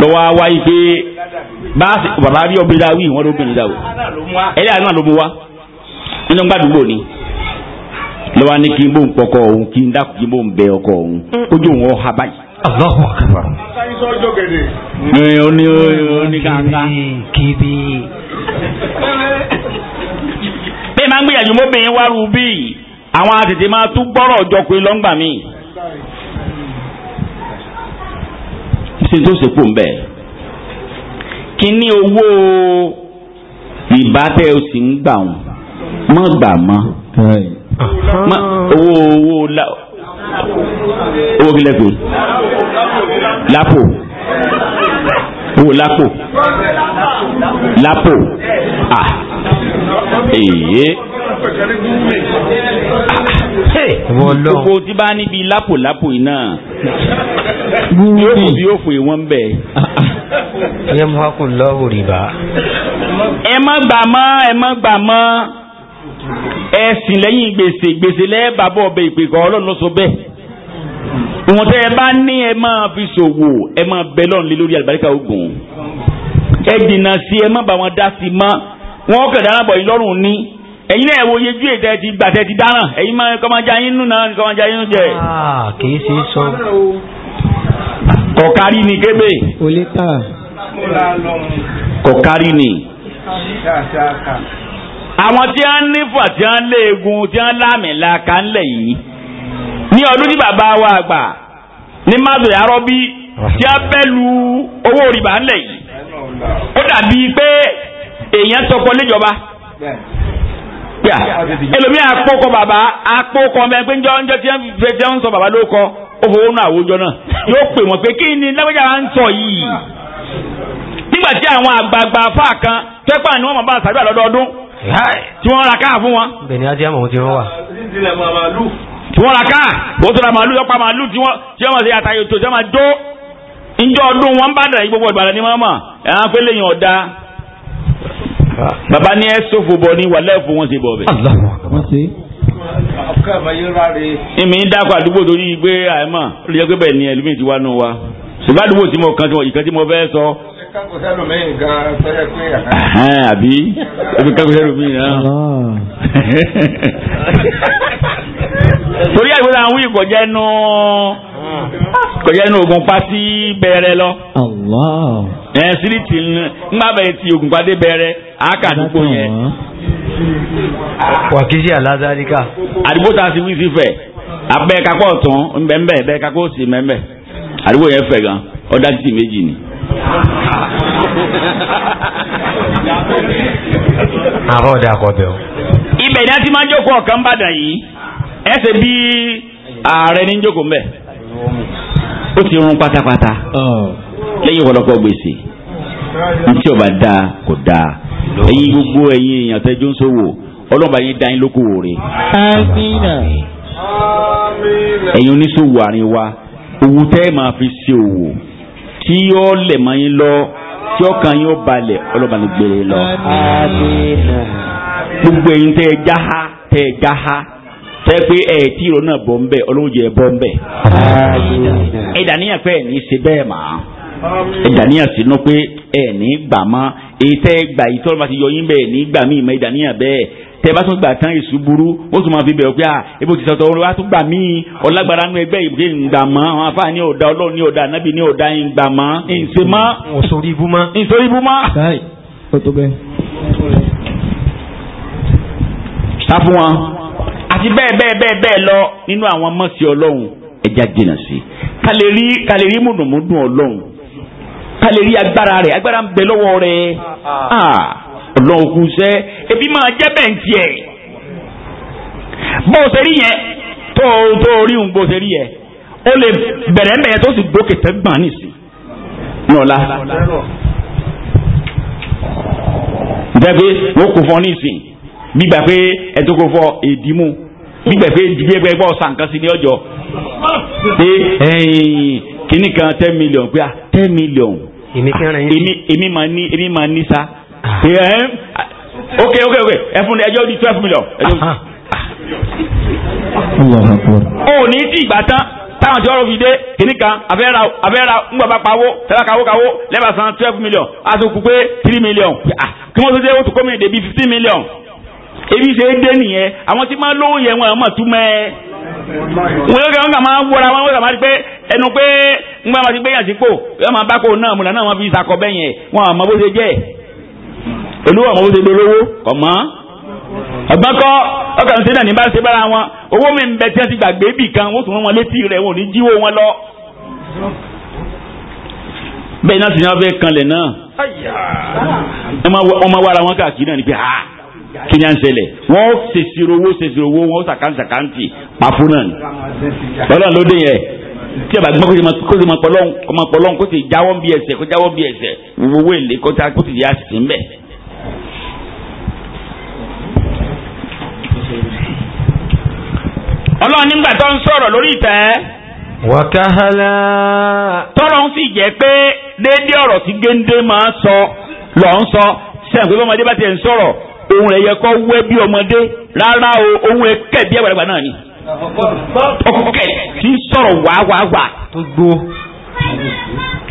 lọ́wọ́ á wáyé pé bàbá bí ọbẹ̀ dáwì wọn ló gbìn dáwò ẹ̀yà náà ló mú wá nínú gbàdúgbò ni lọ́wọ́ ní kí n bò ń kọ́kọ́ òun kí n dákun kí n bò ń bẹ ọkọ òun kójú òun ọha báyìí. Allahu akbar. ó ní ó ní kàńtà. kíbi. bẹ́ẹ̀ máa ń gbìyànjú mọ́bìnrin wá rú àwọn àtètè máa tún gbọ́rọ̀ ọjọ́ pé lọ́ngbà mi. ṣe tó ṣe pò ń bẹ̀. kíní owó ìbátẹ́ o sì ń gbà wọ́n mọ́ gbà mọ́ owó owó owó kílẹ̀ pé lápò owó lápò lápò à èyí gbogbo tí bá níbi lápò lápò yìí náà yóò kù bí yóò fò wọn bẹ. ẹ má gbà mọ́ ẹ má gbà mọ́ ẹ̀sìn lẹ́yìn gbèsè gbèsè lẹ́ẹ̀bàbọ̀ ọbẹ̀ ìpèkọ́ ọlọ́run ló sọ bẹ́ẹ̀ ìwọ̀n tẹ́ ẹ bá ní ẹ máa fi ṣòwò ẹ máa bẹ lọ́run lé lórí àlùbáríkà ogun ẹ dènà sí ẹ má bà wọn dá sí mọ́ wọn kẹ̀ dáná bọ̀ yín lọ́rùn ní ẹ̀yin náà wo yejú ètò ti gbà tẹ́ ti dáná ẹ̀yin máa kọ́ máa já yín nù náà kọ́ máa já yín nù jẹ. Ah, kì í ṣe sọ. kọ̀kárí ni kébè. kọ̀kárí ni àwọn tí wọ́n nífà tí wọ́n lé egun tí wọ́n lámìlá kánlẹ̀ yìí ní ọdún tí bàbá wa àgbà ní mádùn yàrá bí tí wọ́n fẹ́ lu owó rìbá ńlẹ̀ yìí ó dàbí pé èèyàn tọkọ léjọba ẹlòmíì àpòkọ bàbá àpòkọ ọmọ ẹgbẹ́ ńjọ́ ńjọ́ tí wọ́n ń sọ bàbá ló kọ ó fowó náà àwùjọ náà yóò pè wọ́n pé kí ni lágbèjà wa ń sọ yìí nígbà tí àwọn àgbààgbà fáà kan tẹ́pà ni wọ́n mọ̀ bá àṣàjọ́ àlọ́dọọdún tí wọ́n ra káà fún wọn. bẹ́ẹ̀ ni ajé àmọ̀ ohun tí wọ́n wà. tí wọ́n ra káà wọ́n tó ra màálù yọpa màálù tí wọ́n tí wọ́n ṣe àtàyè tó jẹ́ máa jó njọ́ ọdún wọn bá dà gbogbo ìgbàlá ní mọ́mọ́ ẹ̀hán pé lèyìn ọ̀dà bàbá ní ẹ sófo bọ ní wàlẹ́ fún wọn ṣe bọ̀ bẹ́ẹ̀. ìmì ń dákọ̀ àdúgbò torí gbé àìmọ̀ ó lè jẹ́ pé bẹ́ẹ̀ ni ẹlòmíì ti wá nù wa ṣùgbọ́n àdúgbò tí mo kàn tí mo fẹ́ sọ kankusẹ́nu mi gan tọ́jọ́ pé. àbí ebi kankusẹ́nu mi náà. torí àgbẹ̀ náà wí kọjá inú kọjá inú ogun pati bẹ̀rẹ̀ lọ. ẹ̀ síríìtì ńgbà bẹ̀rẹ̀ ti ogun pati bẹ̀rẹ̀ àkàdúgbò yẹn. wàkísí aládàríkà. àdúgbò tá a ti wí sí fẹ̀ abẹ́ kakọ́ ọ̀tún ńbẹ́ńbẹ́ bẹ́ẹ̀ kakọ́ òsì mẹ́ńbẹ́ àdúgbò yẹn fẹ̀ gan ọ̀dàkìtì méjì ni. àbọ̀ ọ̀dà àkọ́bẹ̀ o. ibẹ̀ ni a ti máa ń jókòó ọ̀kan bàdàn yìí ẹsẹ̀ bí ààrẹ ní jókòó mbẹ́ ó ti rún pátápátá lẹ́yìn ọ̀pọ̀lọpọ̀ gbèsè ntí ọba dáa kò dáa ẹ̀yin gbogbo ẹ̀yin èèyàn tẹ́jú ń sòwò ọlọ́ba yín dá yín lókòwò rẹ̀. ẹ̀yin oníṣòwò àárín wa owó tẹ́ ẹ máa fi ṣe òwò tí ó lẹ̀ mọ́ yín lọ tí ọkàn yín ó balẹ̀ ọlọ́ba ní gbére lọ. gbogbo ẹ̀yin tẹ́ ẹ já ha tẹ́ ẹ já ha tẹ́ pé ẹ tí ìrọ̀ náà bọ̀ ń bẹ̀ ọlọ́run jẹ́ bọ̀ ń bẹ̀. ẹ dàníyàn pé ẹ̀ ní í ṣe bẹ́ẹ̀ mà ẹ dàníyàn sínú pé ẹ ní gbà mọ́ èyí gbà yìí tọ́lọ́ bá ti yọ yín bẹ́ẹ̀ ní gbà míì mọ́ ẹ dàníyàn bẹ́ẹ̀ tẹ bá tún gbà tán èṣù burú ó tún máa fi bẹ̀rù pé à ah, ebi ti sọ̀tọ̀ orin wa tún gbà mí ọlágbára nu ẹgbẹ́ ìgbé ńgbà mọ́ àwọn afá ní ọ̀dà ọlọ́run ní ọ̀dà anábì ní ọ̀dà ńgbà mọ́ ńṣe mọ́. ǹsọ̀rí ibú mọ́. ǹsọ̀rí ibú mọ́. báyìí ó tó bẹ́ẹ̀. sá fún wọn àti bẹ́ẹ̀ bẹ́ẹ̀ bẹ́ẹ̀ bẹ́ẹ̀ lọ nínú àwọn mọ̀sí ọlọ́run ẹja jìnà sí kàlérí kàlérí múdùnmúdùn ọlọ́run kàlérí agbára rẹ̀ agbára ń bẹ lọ́wọ́ rẹ̀ ah ọlọ́run kù sẹ́ ebi máa jẹ́ bẹ́ẹ̀ ń tiẹ̀ bó o ṣe rí yẹn tó o tó o rí òun bó o ṣe rí yẹn o lè bẹ̀rẹ̀ mẹ́yẹn tó sì gbókè tẹ́gbọ̀n nìsín nọ̀la jẹ́ pé wọ́n kò fọ́ nìsín gbígbà pé ẹ̀tọ́ kò fọ́ èdìmú gbígbà pé ìdílé ẹgbẹ́ ọ̀sán kan sí ní ọjọ́ pé kìnnìkan ten million pé ah, ten million èmi máa ní èmi máa ní sa. Ah. Eh, eh, ok ok ok ẹ fún ẹjọ́ di twelve million. Ah, ah. o ní tí ìgbà tán táwọn tí ọ̀rọ̀ fi dé kìíní kan àfẹ́ra àfẹ́ra ńgbà bá pawó tẹ́lá kawó kawó lẹ́bàá san twelve million àtòkù pé three million kí wọ́n tó dé wọ́n tó kọ́ mi dé bíi fifteen million ebi ṣe é dé nìyẹn àwọn tí máa lówó yẹn wọn àmọ́ tún mẹ́ẹ́ wọ́n yóò kẹ́ wọ́n kà máa wọ́ra wọn kà máa di pé ẹnu pé ń bá wọn ti gbé yàn sípò yọ́n máa bá kó náà múlá náà wọ́n fi ìsàkọ́ bẹ́yẹn wọn àmọ́ bó ṣe jẹ́ olúwa ọmọ bóde lólówó ọmọ ọgbọ́n kọ́ ọkàn sí náà ní bá ń ṣe bára wọn owó mi ń bẹ tí wọ́n ti gbàgbé bì kan wọ́n sì wọ́n wọn létí rẹ̀ wọn ò ní jíwó wọn lọ. bẹ́ẹ̀ náà sì ni wọ́n fẹ́ kanlẹ̀ náà wọ́n máa wára wọn káàkiri náà ni pé ha kí ni à ń ṣẹlẹ̀ wọ́n ṣèṣirò owó ṣèṣirò owó wọ́n ṣàkáǹtì ṣàkáǹtì pàfó náà ni ọlọ́run ló dé yẹn tí a bá gbọ́ kó sì máa pọ̀lọ́n kó sì jáwọ́ bí ẹsẹ̀ kó jáwọ́ bí ẹsẹ̀ owó èlé kó sì yá sí mbẹ́. ọlọ́run nígbà tó ń sọ̀rọ̀ lórí ìtẹ́. wàkàhálà. tọ́rọ̀ ń sì jẹ́ pé déédé ọ̀rọ̀ tí géńdé máa sọ lọ ń sọ sẹ́yìn pé bọ́mọdé bá tiẹ̀ ń sọ̀rọ̀ ohun rẹ̀ yẹ kó wẹ́ bí ọmọdé rárá o ohun rẹ̀ kẹ̀ bí àgbàlagbà náà ni. ọkọ̀kẹ́ tí ń sọ̀rọ̀ wàáwàáwà. tó gbó.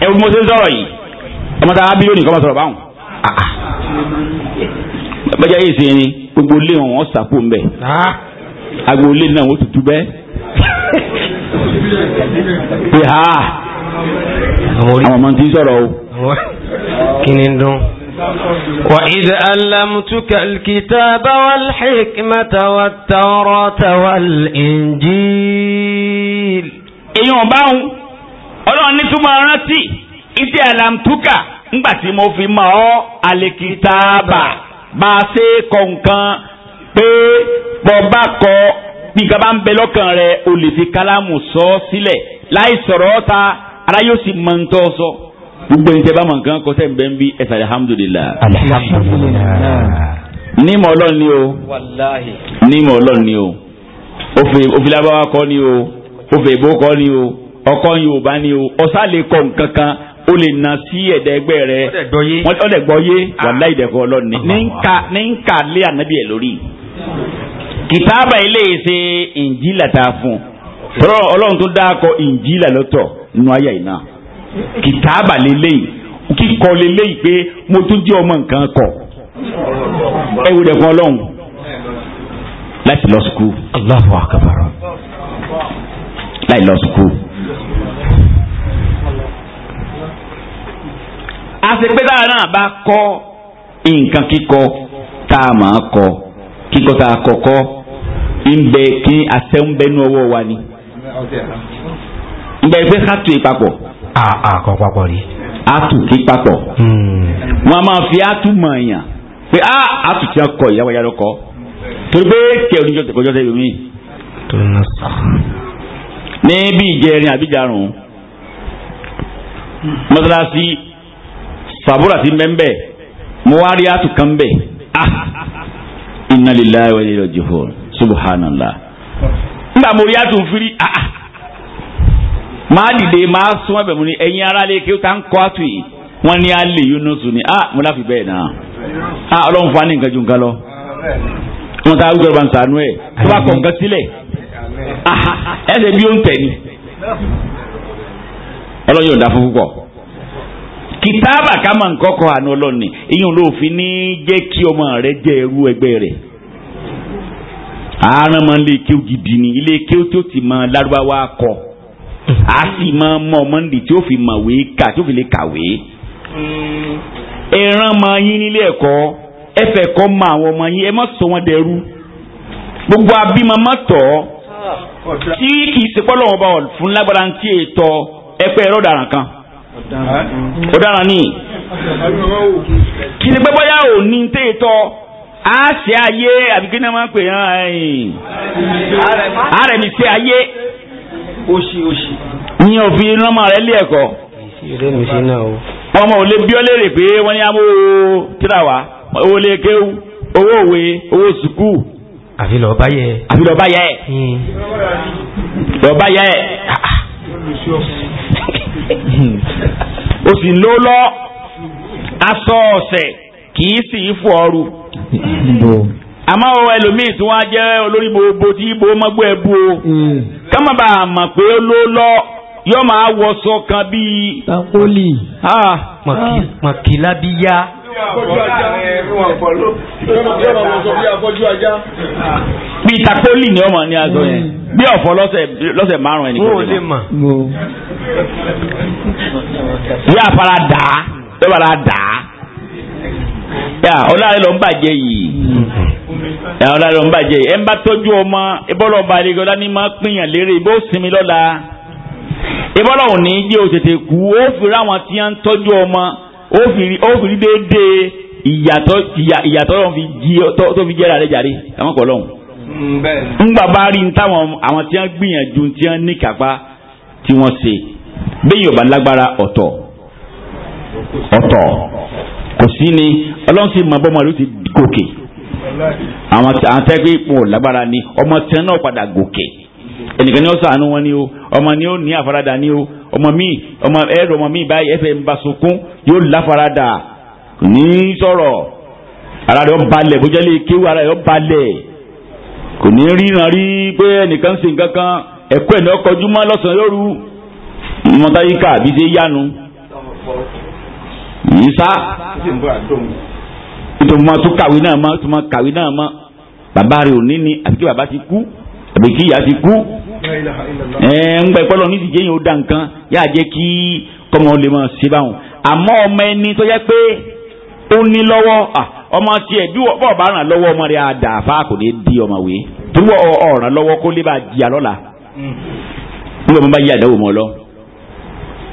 ẹ wo mo ṣe ń sọ̀rọ̀ yìí ọmọ tá a bí lónìí kọ́ máa sọ̀rọ̀ báwọn. Ah, ah. bẹ́ẹ̀ jẹ́ èsì ni gbogbo ilé wọn sàpò ń bẹ̀. Ah agboolé náà ó tutù bẹ́ẹ̀ pé ha àwọn ọmọ tí ń sọ̀rọ̀ o. kí ni dùn. وإذ ألمتك الكتاب والحكمة والتوراة والإنجيل èèyàn báwọn ọlọ́run ní túmọ̀ rántí ìdí àlàmtúkà ńgbà tí mo fi mọ̀ ọ́ àlèkìtàbà bá a ṣe kọ̀ǹkan pé bọ́ọ̀bá kọ bí nǹkan bá ń bẹ lọ́kàn rẹ̀ o lè fi kálámù sọ ọ́ sílẹ̀ láì sọ̀rọ̀ ọ́ ta ara yóò sì mọ ntọ́ sọ. gbogbo ẹni tẹ bá mọ nǹkan kọ sẹ́ ń bẹ́ ń bí ẹ̀sà alihamudulilayi. alihamudulilayi. ní mọ̀ ọlọ́run ni o. wàláhì. ọlọ́run ni o. òfin kọ́ ni o. òfin kọ́ ni o. ọkọ yorùbá ni o. ọ̀sá lè kọ nǹkan kan o lè na sí ẹ̀dẹ̀ ẹgbẹ́ rẹ. ó lè gbọ́ yé. Ah. wàláhì dẹ̀kọ́ ọlọ́run ni. Ah. ní ń ka ní ń ka lé ànábìyẹ lórí kìtàbà ilé ṣe ìnjílà tá a fún tọ́lọ́ ọlọ́run tó dáko ìnjílà lọ́tọ̀ nínú ayé yìí náà kìtàbà lélẹ́yìn kíkọ lélẹ́yìn pé mo tún jẹ́ ọmọ nǹkan kọ ẹ wúlò ẹ̀kọ́ ọlọ́run láti lọ sùkúù. Allahu akbar láì lọ sùkúù. àṣepẹ́ tára náà bá kọ́ nǹkan kíkọ tá a máa kọ́ kíkọ́ta àkọ́kọ́ ńbẹ kí àtẹ̀wọ́nbẹ́nu ọwọ́ wa ni. ńbẹ fẹ́ ká tu ìpapọ̀. a a kọ papọ̀ rí. a tù kí papọ̀. Hmm. wọn a máa fi a tù mọ̀ èèyàn pé a a tù tí wọn kọ ìyá wáyà lọkọ torí pé kẹ oníjọ tẹ kọjọ tẹ yomi. ní bí ìjẹrin àbí ìjarun mọ́tàlásí sàbúrà ti mẹ́ńbẹ́ mo wá rí a tù kan bẹ́ẹ̀. Ah! inna lillahi wa ilayhi raji'un subhanallah. nígbà mo rí àtún firi ah, ah. máa dìde máa sún ẹbẹ̀ mu ni ẹ̀yin ara lè kí ta ń kọ́ àtún yìí wọ́n ní alẹ́ Yunus ni ah mo láfi bẹ́ẹ̀ náà ah ọlọ́run fún wa ní nǹkan ju nǹkan lọ wọn ta gbẹrù bàn sànú ẹ tó bá kọ̀ nǹkan sílẹ̀ ah, ẹsẹ̀ bí ó ń tẹ̀ ni ọlọ́run yóò dá fún púpọ̀ kìtàbà ká máa ń kọ́kọ́ àánú ọlọ́run ni ìyẹn ló ní jẹ́ kí ọmọ rẹ jẹ́ ẹrú ẹgbẹ́ rẹ̀ àárọ̀ mọ ilé kéw gidi ni ilé kéw tó ti mọ Lárúbáwá kọ a sì mọ mọ mọ́ndì tí ó fi mọ̀wé kà tí ó fi lè kàwé. ẹran mọ yín nílé ẹ̀kọ́ ẹ kọ́ mọ àwọn ọmọ yín ẹ má sọ wọn dẹrú gbogbo abímọ má tọ̀ tí kì í sepọ́ lọ́wọ́ bá fún lágbára tí ètò ẹgbẹ́ ẹ̀rọ ọ̀daràn kan ọ̀daràn ni kì í pẹ́ bóyá ò ní tẹ́ ètò a ṣe ayé àbíkí náà máa ń pè hàn ẹ̀yìn ààrẹ ayé oṣì oṣì ní òfin iná máa rẹ lé ẹ̀kọ́ ọmọ ò lè bí ọ léèrè pé wọ́n ní amó tíra wa owó lè kéwú owó òwe owó sùkúù àfi lọ bá yẹ àfi lọ bá yẹ hmm. lọ bá yẹ o sì ń lọ lọ aṣọ ọ̀sẹ̀. kì í sì í fò ọrù. àmọ́ ọ ẹlòmíì tí wọ́n á jẹ́ olórí gbogbo tí ibo mọ́gbó o. Mm. a pé ló lọ yóò máa wọṣọ kan bíi. takoli mọ̀kìlá bí takoli ah. ah. ni ọmọ ní aṣọ yẹn. Mm. Bí ọ̀fọ̀ lọ́sẹ̀ márùn-ún ẹni kò lè mọ̀. Bí afárá ọlọ́run ló ń bàjẹ́ yìí ọlọ́run ló ń bàjẹ́ yìí ẹ̀ ń bá tọ́jú ọmọ ìbọ́lọ̀ ọba àdìgọ́lá ní máa pínyàn lérè ìbò sinmi lọ́la ìbọ́lọ̀ òní o òtètè kú ó fi ráwọn tí wọ́n ń tọ́jú ọmọ ó fi rí déédéé ìyàtọ̀ tó fi jẹ́ra rẹ̀ jàre àwọn kọ̀ lọ́hùn. Mm, ńgbà bá rí ní táwọn àwọn tí wọ́n gbìyànjú tí wọ́n ní kápá tí wọ́n ṣe bẹ́ẹ̀ yóò bá lágbára ọ̀tọ̀ ọ̀tọ̀ kò sí ni ọlọ́run ti mọ bọ́mọ ìlú ti gòkè àwọn àtẹ́gbẹ́ ipò lágbára ni ọmọ tẹ́ náà padà gòkè ẹnìkan ni ó sàánú wọn ni o ọmọ ni ó ní àfaradà ni o ọmọ mi ọmọ ẹrù ọmọ mi báyìí ẹfẹ ń ba sunkún yóò láfaradà ní sọ̀rọ̀ ara rẹ̀ ó balẹ̀ bójú ẹlẹ́ kéwù ara rẹ̀ ó balẹ̀ kò ní ríran rí pé ẹnìkan ṣe nǹkan kan ẹ̀kọ́ ẹ̀ ní ọkọ̀ ojúmọ́ lọ́sàn yóò rú mọ́tàyíkà bí ṣe yánu yìí sá nítorí mo máa tún kàwé náà mọ́ tún máa kàwé náà mọ́ bàbá rẹ̀ ò ní ni àbí kí bàbá ti kú àbí kí ìyá ti kú ẹ̀ ń gbà ìpọ́lọ́ ní ìdíje yẹn ó da nǹkan yáà jẹ́ kí kọ́mọ lè máa ṣe báwọn àmọ́ ọmọ ẹni tó yẹ pé ó ní lọ́wọ́ ọmọ tiẹ̀ bí wọ́n bá ràn lọ́wọ́ ọmọ rẹ̀ á dà kò ní di ọmọ wèé torí ọ̀ràn lọ́wọ́ kó lè bá di àlọ́la nígbà bá yí àdáwò mọ́ ọ lọ́wọ́.